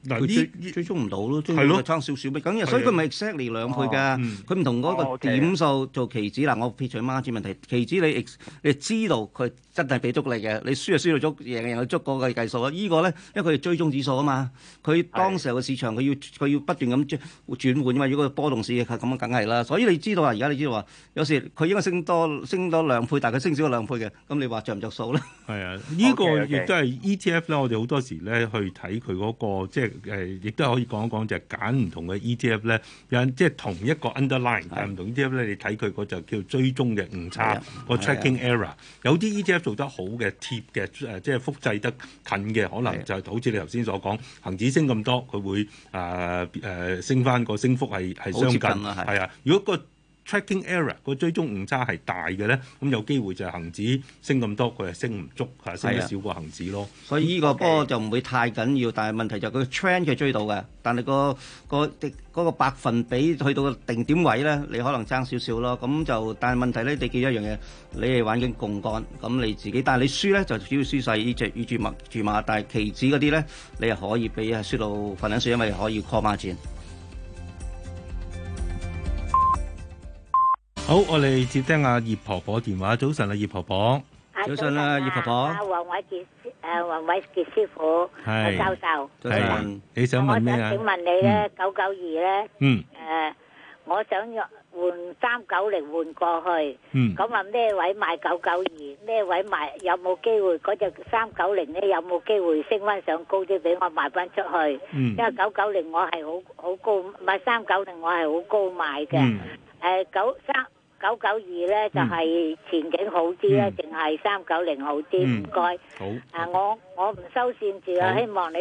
但佢追追蹤唔到咯，追蹤個滄少少咪，咁又所以佢咪 exactly 兩倍㗎。佢唔同嗰個點數做期指嗱，我撇除孖展問題，期指你你知道佢真係俾足你嘅，你輸就輸到足，贏又贏到足嗰個計數啊。呢個咧，因為佢係追蹤指數啊嘛，佢當時候嘅市場佢要佢要不斷咁轉換啊嘛。如果個波動市係咁啊，梗係啦。所以你知道啊，而家你知道話，有時佢應該升多升多兩倍，但係佢升少兩倍嘅，咁你話着唔着數咧？係啊，呢個亦都係 ETF 咧，我哋好多時咧去睇佢嗰個即係。誒，亦都可以講一講，就係揀唔同嘅 ETF 咧，有即係同一個 underline 但唔同 ETF 咧，你睇佢個就叫追蹤嘅誤差個 tracking error。有啲 ETF 做得好嘅貼嘅誒，即係複製得近嘅，可能就係好似你頭先所講，恒指升咁多，佢會誒誒、呃呃、升翻、個升幅係係相近啊，係啊，如果個 tracking error 個追蹤誤差係大嘅咧，咁有機會就係恒指升咁多，佢係升唔足嚇，升得少過恒指咯。Yeah. 所以呢個波就唔會太緊要，但係問題就佢 trend 佢追到嘅，但係、嗰個、嗰個啲、嗰個、百分比去到個定點位咧，你可能爭少少咯。咁就但係問題咧，你記一樣嘢，你係玩緊槓桿，咁你自己，但係你輸咧就主要輸細，依隻依注馬注馬，馬，馬，但係期指嗰啲咧，你係可以俾啊輸到分兩水，因為可以 call margin。好，我哋接聽阿葉婆婆電話。早晨啦，葉婆婆。早晨啦，葉婆婆。阿黃偉杰，誒，黃偉杰師傅。係。教授。早晨。你想問咩啊？我想請問你咧，九九二咧。嗯。誒，我想要換三九零換過去。嗯。咁啊，咩位賣九九二？咩位賣？有冇機會？嗰隻三九零咧，有冇機會升翻上高啲俾我賣翻出去？嗯。因為九九零我係好好高，唔係三九零我係好高賣嘅。嗯。誒，九三。九九二咧就係前景好啲啦，定係三九零好啲？唔該、嗯，唔該，好。誒、啊，我我唔收線住啊，好希望你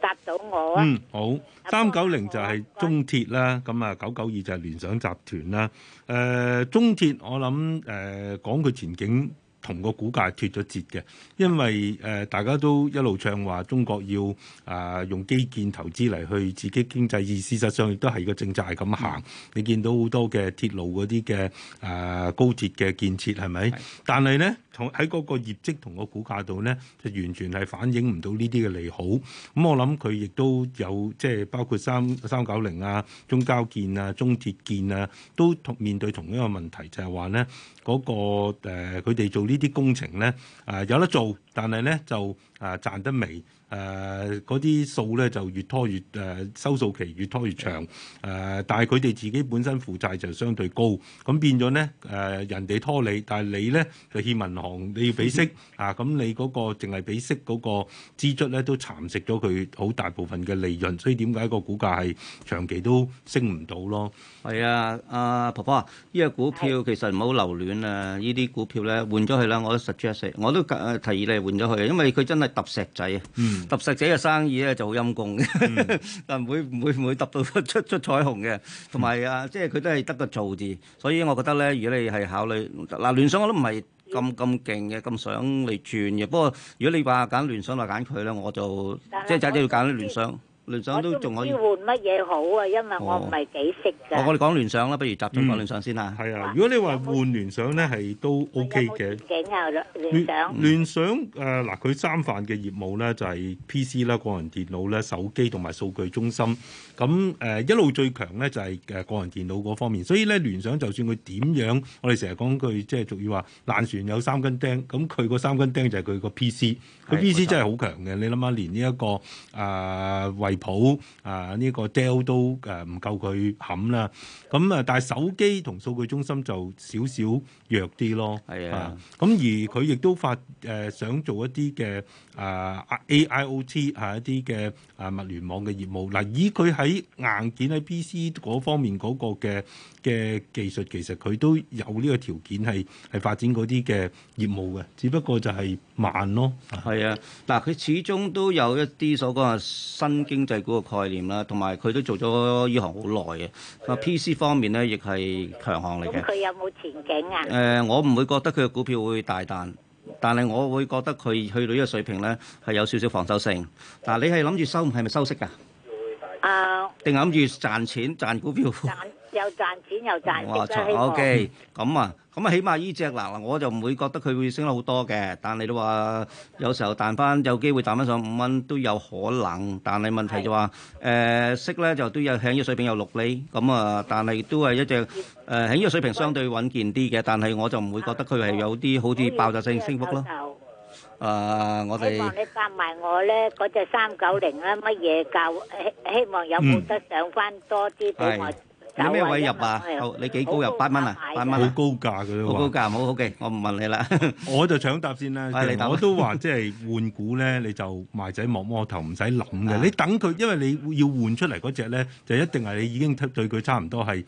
答到我啊。嗯，好。三九零就係中鐵啦，咁啊九九二就係聯想集團啦。誒、呃，中鐵我諗誒講佢前景。同個股價脫咗節嘅，因為誒、呃、大家都一路唱話中國要誒、呃、用基建投資嚟去刺激經濟，事實上亦都係個政策係咁行。的你見到好多嘅鐵路嗰啲嘅誒高鐵嘅建設係咪？是是的但係咧，同喺嗰個業績同個股價度咧，就完全係反映唔到呢啲嘅利好。咁、嗯、我諗佢亦都有即係包括三三九零啊、中交建啊、中鐵建啊，都同面對同一個問題，就係話咧嗰個誒佢哋做。呢啲工程咧，誒、呃、有得做，但係咧就誒賺、呃、得微。誒嗰啲數咧就越拖越誒、呃、收數期越拖越長誒、呃，但係佢哋自己本身負債就相對高，咁變咗咧誒人哋拖你，但係你咧就欠銀行你要俾息 啊！咁你嗰個淨係俾息嗰個支出咧都蠶食咗佢好大部分嘅利潤，所以點解個股價係長期都升唔到咯？係啊，阿、啊、婆婆呢、這個股票其實唔好留戀啊！呢啲股票咧換咗佢啦，我都 suggest 我都提議你換咗佢，因為佢真係揼石仔啊！嗯。揼石仔嘅生意咧就好陰功，但唔 會唔會唔會揼到出出，出彩虹嘅，同埋、嗯、啊，即係佢都係得個做字，所以我覺得咧，如果你係考慮嗱聯想，我都唔係咁咁勁嘅，咁想嚟轉嘅。不過如果你話揀聯想話揀佢咧，我就是即係就真係要揀聯想，聯想都仲可以換乜嘢好啊？因為我唔係幾識嘅。我哋講聯想啦，不如集中講聯想先啦。係、嗯、啊，如果你話換聯想咧、OK，係都 O K 嘅。聯想誒嗱，佢、呃、三瓣嘅業務咧就係 P C 啦、個人電腦咧、手機同埋數據中心。咁誒、呃、一路最強咧就係誒個人電腦嗰方面。所以咧，聯想就算佢點樣，我哋成日講句即係俗語話爛船有三根釘。咁佢個三根釘就係佢個 P C，佢 P C 真係好強嘅。你諗下，連呢、這、一個誒、呃、為普啊呢、這個 Dell 都誒唔夠佢冚啦，咁啊但係手機同數據中心就少少弱啲咯。係啊，咁、啊、而佢亦都發誒、呃、想做一啲嘅啊 AIOT 啊一啲嘅啊物聯網嘅業務嗱、啊、以佢喺硬件喺 PC 嗰方面個嘅嘅技術其實佢都有呢個條件係係發展啲嘅業務嘅，只不過就係慢咯。係啊，嗱、啊、佢始終都有一啲所講啊新經濟製股嘅概念啦，同埋佢都做咗呢行好耐嘅。啊、嗯、PC 方面咧，亦係強項嚟嘅。佢、嗯、有冇前景啊？誒、呃，我唔會覺得佢嘅股票會大彈，但係我會覺得佢去到呢個水平咧係有少少防守性。嗱、啊，你係諗住收係咪收息㗎？啊、呃，定諗住賺錢賺股票？又賺錢又賺錢，OK，咁啊，咁啊，起碼呢隻嗱，我就唔會覺得佢會升得好多嘅。但係你話有時候彈翻有機會彈翻上五蚊都有可能，但係問題就話誒息咧就都有喺呢個水平有六釐，咁啊，但係都係一隻誒喺呢個水平相對穩健啲嘅。但係我就唔會覺得佢係有啲好似爆炸性升幅咯。啊，我哋希望你加埋我咧嗰隻三九零啊，乜嘢價？希希望有冇得上翻多啲俾我。有咩位入啊？好、oh，你幾高入八蚊啊？八蚊好高價㗎咯，好高價，好，OK，我唔問你啦。 我就搶答先啦。你 我都話即係換股咧，你就賣仔摸摸頭，唔使諗嘅。 你等佢，因為你要換出嚟嗰隻咧，就一定係你已經對佢差唔多係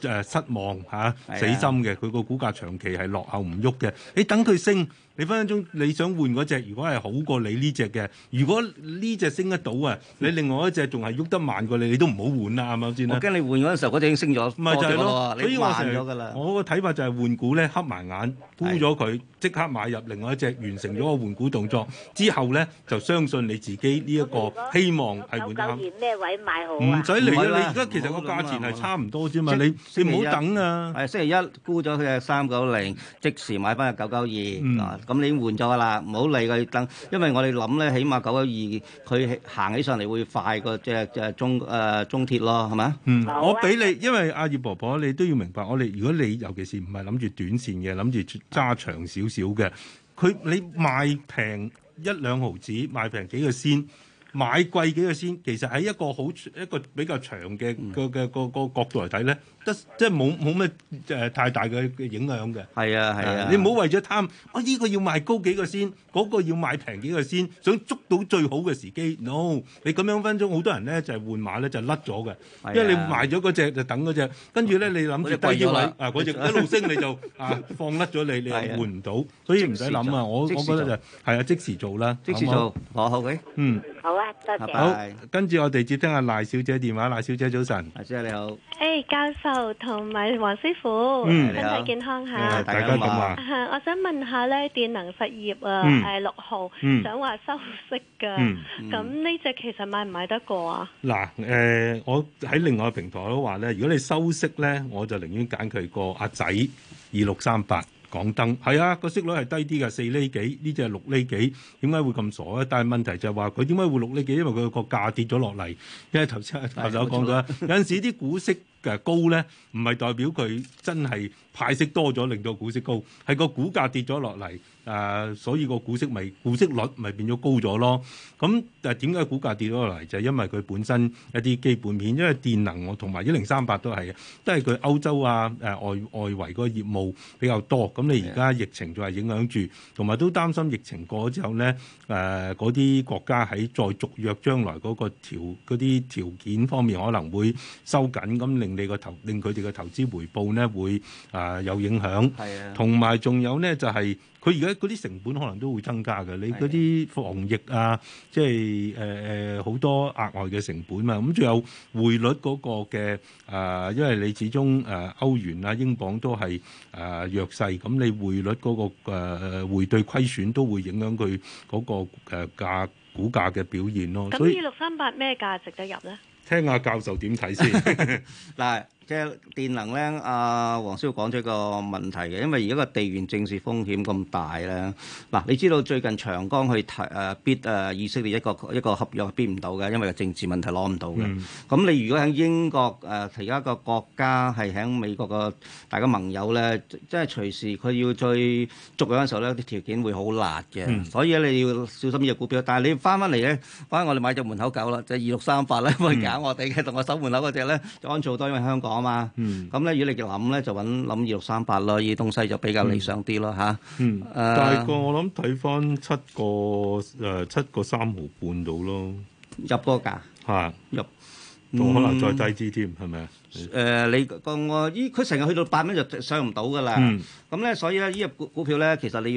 誒失望嚇、啊、死心嘅。佢個、啊、股價長期係落後唔喐嘅。你等佢升。你分分鐘你想換嗰隻，如果係好過你呢隻嘅，如果呢隻升得到啊，你另外一隻仲係喐得慢過你，你都唔好換啦，啱唔啱先？我驚你換嗰陣時候嗰隻已經升咗就多咗，你所以慢咗㗎啦。我個睇法就係換股咧，黑埋眼沽咗佢，即刻買入另外一隻，完成咗個換股動作之後咧，就相信你自己呢一個希望係換翻。九九二咩位買好？唔使理你而家其實個價錢係差唔多啫嘛。你你唔好等啊！係星，星，星期一沽咗佢係三九零，即時買翻九九二。咁你換咗啦，唔好理佢等，因為我哋諗咧，起碼九一二佢行起上嚟會快過即係即係中誒中鐵咯，係咪啊？嗯，我俾你，因為阿葉婆婆你都要明白，我哋如果你尤其是唔係諗住短線嘅，諗住揸長少少嘅，佢，你賣平一兩毫子，賣平幾個先，買貴幾個先，其實喺一個好一個比較長嘅嘅個個角度嚟睇咧。即係冇冇咩誒太大嘅影響嘅。係啊係啊，你唔好為咗貪，我依個要賣高幾個先，嗰個要賣平幾個先，想捉到最好嘅時機，no！你咁樣分鐘好多人咧就係換馬咧就甩咗嘅，因為你賣咗嗰隻就等嗰隻，跟住咧你諗住低位啊嗰隻一路升你就啊放甩咗你，你又換唔到，所以唔使諗啊！我我覺得就係啊即時做啦，即時做，好好嘅，嗯，好啊，多謝。好，跟住我哋接聽阿賴小姐電話，賴小姐早晨，賴小姐你好，誒教授。同埋黃師傅，身體健康吓，大家好啊！我想問下咧，電能實業啊，係六號，想話收息噶，咁呢隻其實買唔買得過啊？嗱，誒，我喺另外平台都話咧，如果你收息咧，我就寧願揀佢個阿仔二六三八港燈，係啊，個息率係低啲噶，四厘幾，呢隻六厘幾，點解會咁傻咧？但係問題就係話佢點解會六厘幾？因為佢個價跌咗落嚟，因為頭先阿教授講咗，有陣時啲股息。高咧，唔係代表佢真係派息多咗令到股息高，係個股價跌咗落嚟。誒、呃，所以個股息咪股息率咪變咗高咗咯。咁誒，點解股價跌咗落嚟就係、是、因為佢本身一啲基本面，因為電能我同埋一零三八都係啊，都係佢歐洲啊誒，外外圍個業務比較多。咁你而家疫情就係影響住，同埋都擔心疫情過咗之後咧，誒嗰啲國家喺再續約將來嗰個條，嗰啲條件方面可能會收緊。咁令。你個投令佢哋嘅投資回報呢會啊有影響，同埋仲有呢就係佢而家嗰啲成本可能都會增加嘅，的你嗰啲防疫啊，即係誒誒好多額外嘅成本嘛。咁仲有匯率嗰個嘅啊，因為你始終誒歐元啊、英鎊都係啊弱勢，咁你匯率嗰個誒匯兌虧損都會影響佢嗰個誒價股價嘅表現咯。咁二六三八咩價值得入呢？聽下教授點睇先。即係電能咧，阿黃少講咗一個問題嘅，因為而家個地緣政治風險咁大咧。嗱，你知道最近長江去提誒 bid 誒以色列一個一個合約係 bid 唔到嘅，因為個政治問題攞唔到嘅。咁你如果喺英國誒，其他個國家係喺美國個大家盟友咧，即係隨時佢要再捉佢嗰陣時候咧，啲條件會好辣嘅。所以你要小心呢隻股票。但係你翻翻嚟咧，翻我哋買隻門口狗啦，就係二六三八啦，會揀我哋嘅同我守門口嗰隻咧就安全好多，因為香港。啊嘛，咁咧，嗯、如果你諗咧就揾諗二六三八咯，呢啲東西就比較理想啲咯嚇。嗯啊，大概我諗睇翻七個誒，呃、七個三毫半度咯，入個價嚇是入，仲可能再低啲添，係咪啊？是誒、呃、你講我依佢成日去到八蚊就上唔到㗎啦，咁咧、嗯、所以咧依隻股股票咧，其實你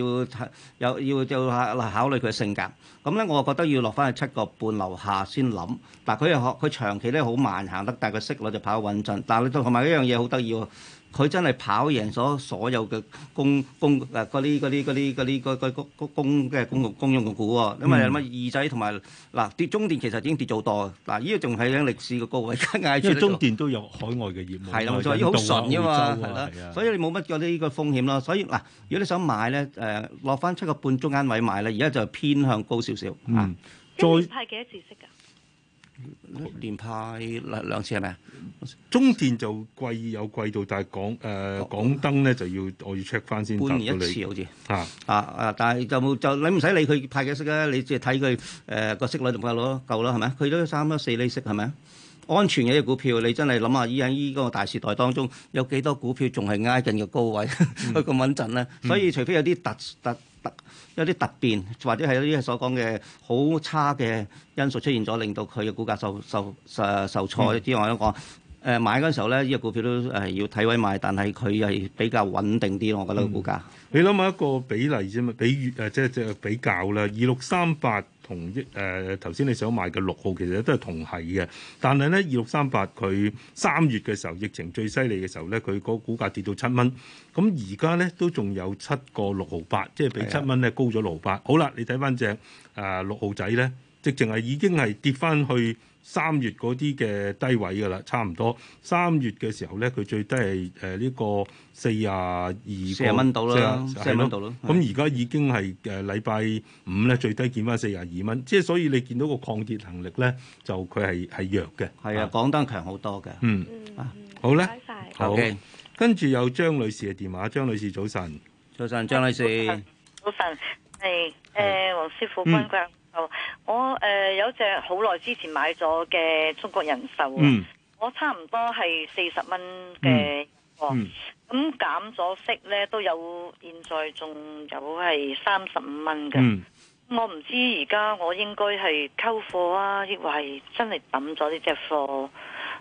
要有要就考考慮佢嘅性格。咁、嗯、咧我覺得要落翻去七個半樓下先諗。嗱佢又佢長期咧好慢行得，但係佢息落就跑穩陣。但你同埋一樣嘢好得意喎。佢真係跑贏咗所，所有嘅公公誒啲啲啲啲嗰嗰嗰公嘅公用公用股喎、啊，因為諗二仔同埋嗱跌中電其實已經跌咗好多，嗱呢個仲係喺歷史嘅高位壓、這個、中電都有海外嘅業務，係啦、嗯，所以好純嘅嘛，所以你冇乜呢個風險咯。所以嗱，如果你想買咧，誒落翻七個半中間位買啦，而家就偏向高少少。嗯，再派幾多次息㗎？一年派兩兩次，係咪啊？是是中電就貴有貴到，但係港誒港燈咧就要我要 check 翻先，半年一次好似嚇嚇啊！但係就冇就你唔使理佢派幾息啦，你即係睇佢誒個息率同咪咯夠啦，係咪？佢都三蚊四厘息，係咪安全嘅隻股票，你真係諗下依喺依個大時代當中有幾多股票仲係挨近嘅高位，佢咁穩陣咧。所以除非有啲特特。有啲突變，或者係有啲所講嘅好差嘅因素出現咗，令到佢嘅股價受受誒受，受，受挫。之外、嗯、我講誒買嗰陣時候咧，呢個股票都誒要睇位買，但係佢係比較穩定啲，我覺得個股價。嗯、你諗下一個比例啫嘛，比喻誒即係即係比較啦，二六三八。同億，誒頭先你想買嘅六號，其實都係同係嘅，但係咧，二六三八佢三月嘅時候疫情最犀利嘅時候咧，佢個股價跌到七蚊，咁而家咧都仲有七個六毫八，即係比七蚊咧高咗六毫八。好啦，你睇翻隻誒六、呃、號仔咧，直情淨係已經係跌翻去。三月嗰啲嘅低位嘅啦，差唔多三月嘅時候咧，佢最低係誒呢個四廿二蚊到啦，四廿蚊到啦。咁而家已經係誒禮拜五咧，最低見返四廿二蚊，即係所以你見到個抗跌能力咧，就佢係係弱嘅。係啊，港燈強好多嘅。嗯，好咧。好，跟住有張女士嘅電話，張女士早晨。早晨，張女士。早晨，係誒，黃師傅我誒、呃、有隻好耐之前買咗嘅中國人壽，嗯、我差唔多係四十蚊嘅貨，咁減咗息咧都有，現在仲有係三十五蚊嘅。嗯、我唔知而家我應該係溝貨啊，亦或係真係抌咗呢隻貨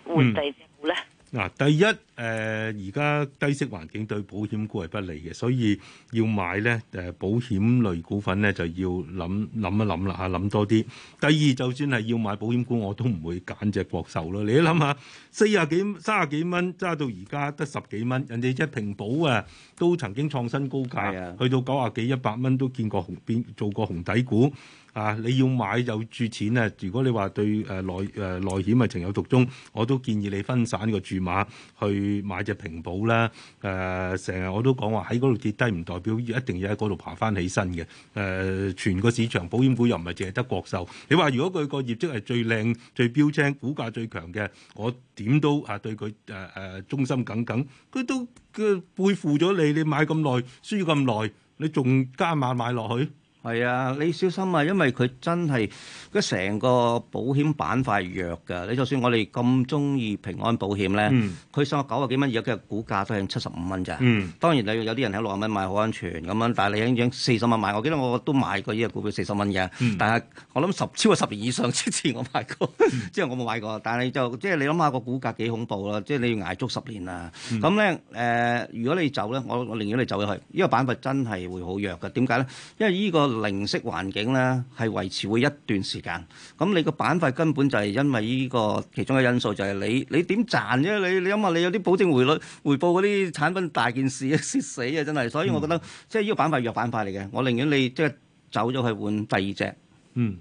換第隻咧？嗯嗯。嗱，第一，誒而家低息環境對保險股係不利嘅，所以要買咧誒、呃、保險類股份咧就要諗諗一諗啦嚇，諗多啲。第二，就算係要買保險股，我都唔會揀隻國壽咯。你諗下，四十幾、三十幾蚊揸到而家得十幾蚊，人哋一平保啊都曾經創新高價，啊、去到九十幾、一百蚊都見過紅，變做過紅底股。啊！你要買有注錢啊！如果你話對誒內誒內險啊情有獨鍾，我都建議你分散個注碼去買隻平保啦。誒、呃，成日我都講話喺嗰度跌低唔代表一定要喺嗰度爬返起身嘅。誒、呃，全個市場保險股又唔係淨係得國壽。你話如果佢個業績係最靚、最標青、股價最強嘅，我點都啊對佢誒誒忠心耿耿。佢都嘅背負咗你，你買咁耐，輸咁耐，你仲加碼買落去？係啊，你小心啊，因為佢真係佢成個保險板塊弱嘅。你就算我哋咁中意平安保險咧，佢、嗯、上九十幾蚊而家嘅股價都係七十五蚊咋。嗯、當然你有啲人喺六十蚊買好安全咁樣，但係你喺四十蚊買，我記得我都買過呢個股票四、嗯、十蚊嘅。但係我諗十超過十年以上之前我買過，即係、嗯、 我冇買過。但係就即係你諗下個股價幾恐怖啦，即係你要捱足十年啊。咁咧誒，如果你走咧，我我寧願你走咗去，呢個板塊真係會好弱嘅。點解咧？因為呢個。零息環境咧係維持會一段時間，咁你個板塊根本就係因為呢個其中嘅因素，就係你你點賺啫？你你諗下，你有啲保證回率回報嗰啲產品大件事啊，蝕死啊！真係，所以我覺得、嗯、即係呢個板塊弱板塊嚟嘅，我寧願你即係走咗去換第二隻。嗯，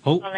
好。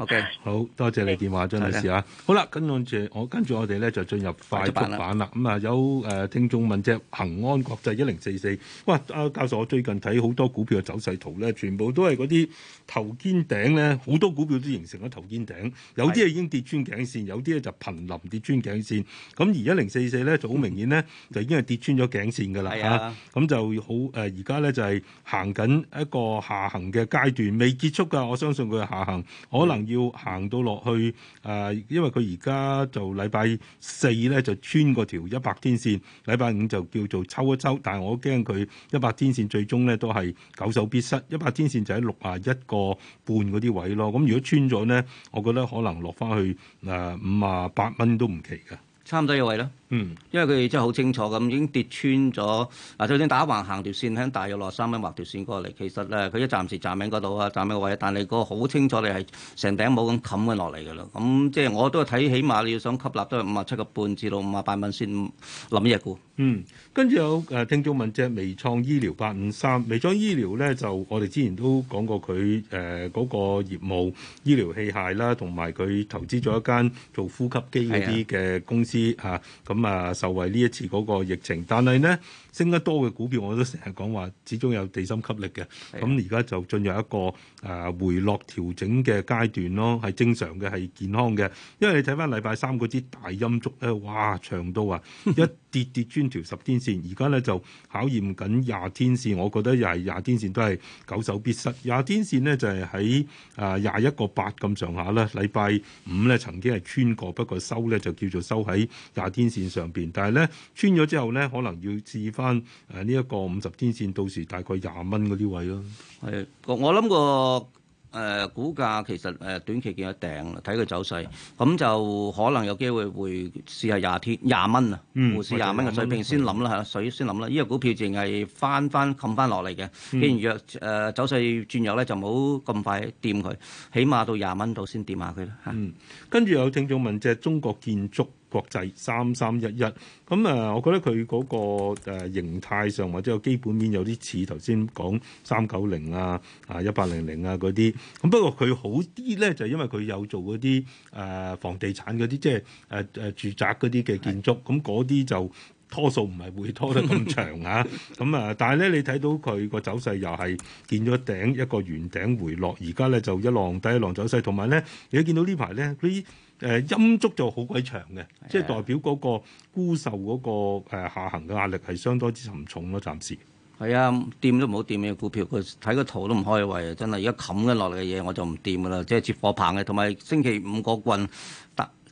OK，好多謝你電話張女士啊！Okay. 好啦，跟住我跟住我哋咧就進入快速版啦。咁啊、嗯、有誒聽眾問隻恒安國際一零四四，哇！啊教授，我最近睇好多股票嘅走勢圖咧，全部都係嗰啲頭肩頂咧，好多股票都形成咗頭肩頂，有啲係已經跌穿頸線，有啲咧就瀕臨跌穿頸線。咁而一零四四咧就好明顯咧，嗯、就已經係跌穿咗頸線㗎啦嚇。咁、嗯、就好誒，而家咧就係行緊一個下行嘅階段，未結束㗎。我相信佢係下行可能、嗯。要行到落去，誒、呃，因為佢而家就禮拜四咧就穿過條一百天線，禮拜五就叫做抽一抽，但係我驚佢一百天線最終咧都係久守必失，一百天線就喺六啊一個半嗰啲位咯。咁、呃、如果穿咗咧，我覺得可能落翻去誒、呃、五啊八蚊都唔奇㗎，差唔多嘅位啦。嗯，因為佢哋真係好清楚咁，已經跌穿咗啊！就算打橫行條線，喺大約落三蚊畫條線過嚟，其實咧佢一暫時站喺嗰度啊，站喺個位，但係你個好清楚你係成頂帽咁冚緊落嚟㗎啦。咁、嗯、即係我都係睇，起碼你要想吸納都五啊七個半至到五啊八蚊先諗入貨。嗯，跟住有誒聽眾問隻微創醫療八五三，微創醫療咧就我哋之前都講過佢誒嗰個業務醫療器械啦，同埋佢投資咗一間做呼吸機嗰啲嘅公司嚇咁。嗯。咁啊，受惠呢一次嗰個疫情，但係咧。升得多嘅股票，我都成日講話，始終有地心吸力嘅。咁而家就進入一個誒、呃、回落調整嘅階段咯，係正常嘅，係健康嘅。因為你睇翻禮拜三嗰支大陰燭咧，哇長刀啊一跌，跌跌穿條十天線，而家咧就考驗緊廿天線，我覺得又係廿天線都係久守必失。廿天線咧就係喺誒廿一個八咁上下啦。禮拜五咧曾經係穿過，不過收咧就叫做收喺廿天線上邊，但係咧穿咗之後咧，可能要試翻。翻誒呢一個五十天線，到時大概廿蚊嗰啲位咯。係，我我諗個誒股價其實誒短期見有頂啦，睇佢走勢，咁就可能有機會會試下廿天廿蚊啊，試廿蚊嘅水平先諗啦嚇，水先諗啦。呢、這個股票淨係翻翻冚翻落嚟嘅，既然若誒、呃、走勢轉弱咧，就唔好咁快掂佢，起碼到廿蚊度先掂下佢啦嚇。跟住有聽眾問即係中國建築。國際三三一一咁啊，我覺得佢嗰、嗰個、呃、形態上或者個基本面有啲似頭先講三九零啊、啊一八零零啊嗰啲。咁不過佢好啲咧，就是、因為佢有做嗰啲誒房地產嗰啲，即係誒誒住宅嗰啲嘅建築。咁嗰啲就拖數唔係會拖得咁長嚇、啊。咁 啊，但係咧你睇到佢個走勢又係見咗頂一個圓頂回落，而家咧就一浪低一浪走勢。同埋咧，你見到呢排咧啲，誒陰燭就好鬼長嘅，的即係代表嗰個沽售嗰個下行嘅壓力係相當之沉重咯，暫時係啊，掂都唔好掂。呢個股票，佢睇個圖都唔開胃啊！真係而家冚緊落嚟嘅嘢，我就唔掂噶啦，即係接火棒嘅，同埋星期五個棍。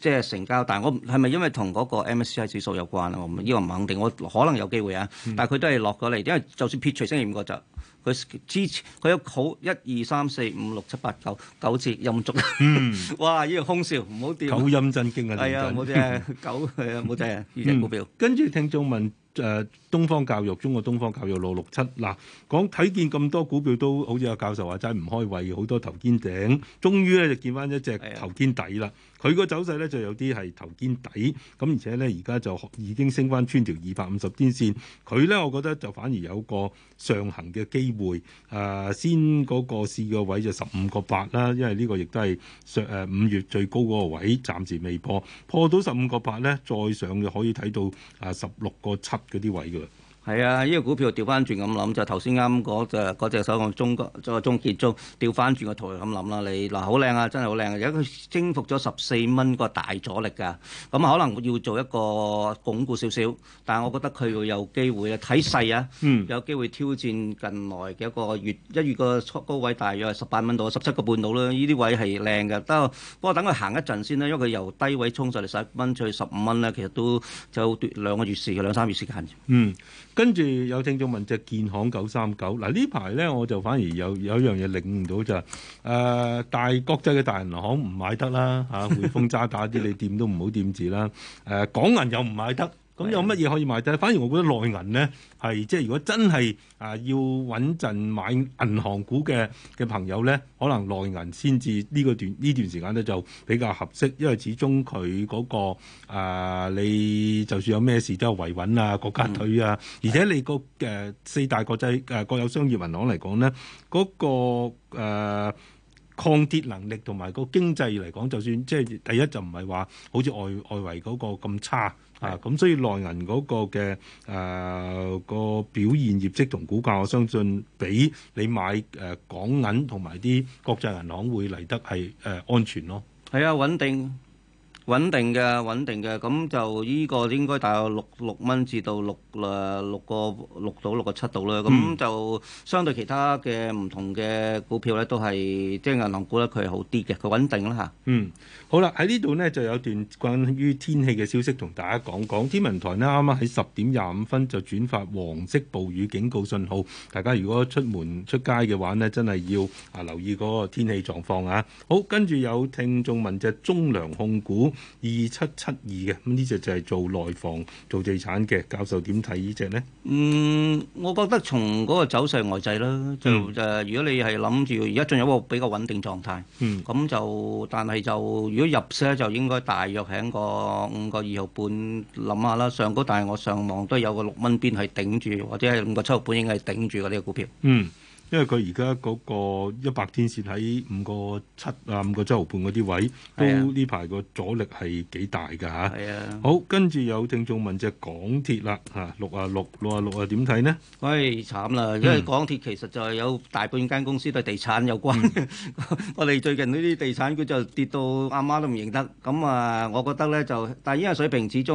即係成交，但係我係咪因為同嗰個 MSCI 指數有關啊？我唔，依個唔肯定，我可能有機會啊。但係佢都係落咗嚟，因為就算撇除星期五個就佢之前佢有好一二三四五六七八九九次陰足，哇！呢個空笑唔好掉，九陰真經啊！係啊，冇錯，九係啊，冇錯啊，二隻股票。跟住聽眾問誒，東方教育，中國東方教育六六七嗱，講睇見咁多股票都好似有教授話齋唔開胃，好多頭肩頂，終於咧就見翻一隻頭肩底啦。佢個走勢咧就有啲係頭肩底，咁而且咧而家就已經升翻穿條二百五十天線，佢咧我覺得就反而有個上行嘅機會。誒、呃，先嗰個市個位就十五個八啦，因為呢個亦都係誒五月最高嗰個位，暫時未破。破到十五個八咧，再上就可以睇到啊十六個七嗰啲位噶啦。係啊，依、這個股票調翻轉咁諗就係頭先啱講嘅嗰隻手，個中結中，調翻轉個圖咁諗啦。你嗱好靚啊，真係好靚啊！而家佢征服咗十四蚊個大阻力㗎、啊，咁可能要做一個鞏固少少，但係我覺得佢會有機會啊！睇勢啊，有機會挑戰近來嘅一個月、嗯、一月個高位，大約係十八蚊到十七個半到啦。呢啲位係靚㗎，得不過等佢行一陣先啦，因為佢由低位衝上嚟十一蚊，出去，十五蚊呢，其實都就兩個,個月時間，兩三月時間。嗯。跟住有聽眾問隻建行九三九，嗱呢排咧我就反而有有樣嘢領悟到就係、是呃，大國際嘅大銀行唔買得啦嚇，匯、啊、豐渣打啲 你掂都唔好掂字啦，誒、呃、港銀又唔買得。咁有乜嘢可以買？但係反而我覺得內銀咧係即係，如果真係啊要穩陣買銀行股嘅嘅朋友咧，可能內銀先至呢個段呢段時間咧就比較合適，因為始終佢嗰、嗰個啊、呃，你就算有咩事都係維穩啊，國家隊啊，嗯、而且你、個誒是的、呃、四大國際誒、呃、國有商業銀行嚟講咧，嗰、個、呃、抗跌能力同埋個經濟嚟講，就算即係第一就唔係話好似外外圍嗰個咁差。啊，咁所以內銀嗰個嘅誒、呃嗰個表現業績同股價，我相信比你買誒、呃、港銀同埋啲國際銀行會嚟得係誒、呃、安全咯。係啊，穩定。穩定嘅，穩定嘅，咁就呢個應該大約六六蚊至到六誒六個六到六個七度啦。咁、嗯、就相對其他嘅唔同嘅股票咧，都係即係銀行股咧，佢係好啲嘅，佢穩定啦嚇。嗯，好啦，喺呢度呢，就有段關於天氣嘅消息同大家講講。天文台呢，啱啱喺十點廿五分就轉發黃色暴雨警告信號，大家如果出門出街嘅話呢，真係要啊留意嗰個天氣狀況啊。好，跟住有聽眾問隻中糧控股。二七七二嘅咁呢隻就係做內房做地產嘅教授點睇呢隻呢？嗯，我覺得從嗰個走勢嚟睇啦，就誒，如果你係諗住而家進入個比較穩定狀態，咁就但係就如果入息，咧，就應該大約喺個五個二毫半諗下啦。上高但係我上網都有個六蚊邊係頂住，或者係五、個七毫半應該係頂住嗰啲股票。嗯。因為佢而家嗰個一百天線喺五個七啊五個七毫半嗰啲位，都呢排個阻力係幾大㗎嚇。好，跟住有聽眾問隻港鐵啦嚇，六啊六六啊六啊點睇呢？喂，慘啦！因為港鐵其實就係有大半間公司對地產有關嘅。我哋最近呢啲地產佢就跌到阿媽都唔認得。咁啊，我覺得咧就，但係呢個水平始終，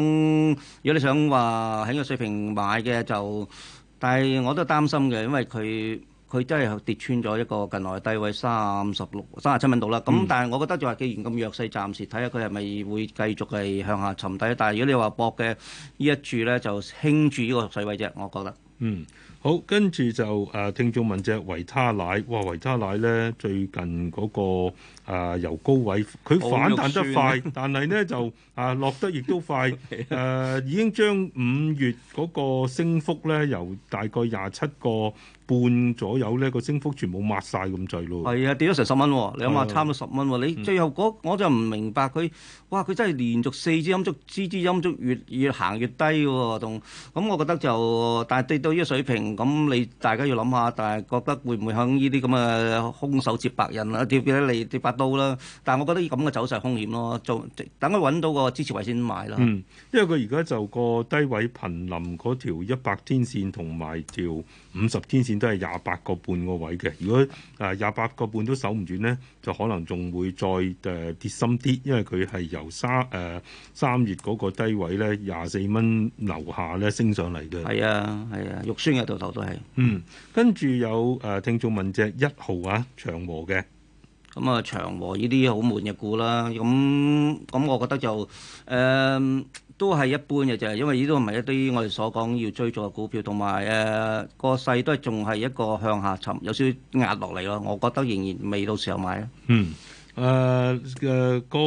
如果你想話喺呢個水平買嘅就，但係我都係擔心嘅，因為佢。佢真係跌穿咗一個近來低位三十六、三十七蚊度啦。咁但係我覺得就話，既然咁弱勢，暫時睇下佢係咪會繼續係向下沉底。但係如果你話博嘅呢一注咧，就輕住呢個水位啫。我覺得。嗯，好，跟住就誒、呃，聽眾問隻維他奶，話維他奶咧最近嗰、那個。啊、呃，由高位佢反彈得快，但係呢就啊、呃、落得亦都快。誒、 呃，已經將五月嗰個升幅呢，由大概廿七個半左右呢、那個升幅全，全部抹晒。咁滯咯。係啊，跌咗成十蚊、哦，你諗下差唔多十蚊喎、哦。呃、你最後嗰、那個，我就唔明白佢，哇！佢真係連續四支陰燭，支支陰燭越越行越低喎、哦。同咁、嗯，我覺得就，但係跌到呢個水平，咁你大家要諗下，但係覺得會唔會響呢啲咁嘅空手接白刃啊？跌跌得你？到啦，但係我覺得咁嘅走勢風險咯，就等佢揾到個支持位先買啦。嗯，因為佢而家就個低位瀕臨嗰條一百天線同埋條五十天線都係廿八個半個位嘅。如果誒廿八個半都守唔住呢，就可能仲會再誒、呃、跌深啲，因為佢係由三誒三月嗰個低位咧廿四蚊樓下咧升上嚟嘅。係啊，係啊，肉酸嘅到頭都係。嗯，跟住有誒、呃、聽眾問隻一號啊，長和嘅。咁啊、嗯，長和呢啲好悶嘅股啦，咁、嗯、咁、嗯、我覺得就誒、呃、都係一般嘅，就係因為呢都唔係一啲我哋所講要追蹤嘅股票，同埋誒個勢都係仲係一個向下沉，有少少壓落嚟咯。我覺得仍然未到時候買啊。嗯。誒嘅、呃呃、個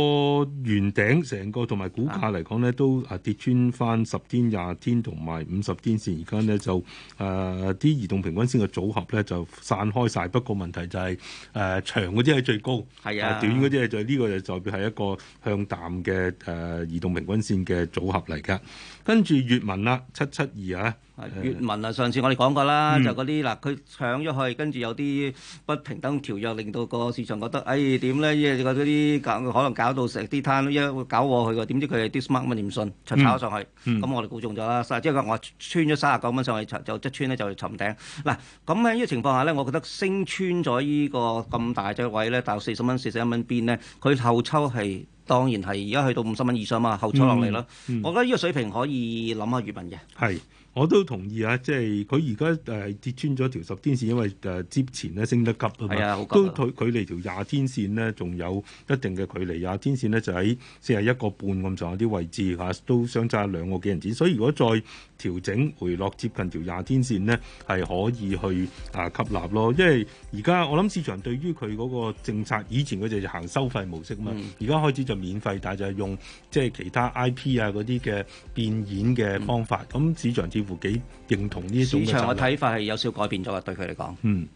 圓頂成個同埋股價嚟講咧，都啊跌穿翻十天、廿天同埋五十天線，而家咧就誒啲、呃、移動平均線嘅組合咧就散開晒。不過問題就係、是、誒、呃、長嗰啲係最高，係啊，呃、短嗰啲就呢個就代表係一個向淡嘅誒、呃、移動平均線嘅組合嚟嘅。跟住閱文啦、啊，七七二啊，閱文啊，呃、上次我哋講過啦，嗯、就嗰啲嗱，佢搶咗去，跟住有啲不平等條約，令到個市場覺得，誒點咧，因為嗰啲搞可能搞到成啲攤都一攤搞過去嘅，點知佢係啲 smart 乜嘢唔信，就炒上去，咁、嗯、我哋估中咗啦，卅即刻我穿咗卅九蚊上去，就一穿咧就沉頂。嗱，咁喺呢個情況下咧，我覺得升穿咗呢個咁大隻位咧，大四十蚊、四十一蚊邊咧，佢後抽係。當然係，而家去到五十蚊以上啊嘛，後抽落嚟啦。嗯嗯、我覺得呢個水平可以諗下預文嘅。係。我都同意啊！即係佢而家誒跌穿咗條十天線，因為誒接、呃、前咧升得急啊嘛，都距距離條廿天線呢仲有一定嘅距離。廿、啊、天線呢就喺四十一個半咁上下啲位置吓、啊，都相差兩個幾銀紙。所以如果再調整回落接近條廿天線呢，係可以去啊吸納咯。因為而家我諗市場對於佢嗰個政策，以前佢就係行收費模式嘛，而家、嗯、開始就免費，但係就係用即係其他 I P 啊嗰啲嘅變現嘅方法。咁市場。嗯自己認同呢種市場嘅睇法係有少改變咗嘅，對佢嚟講，嗯。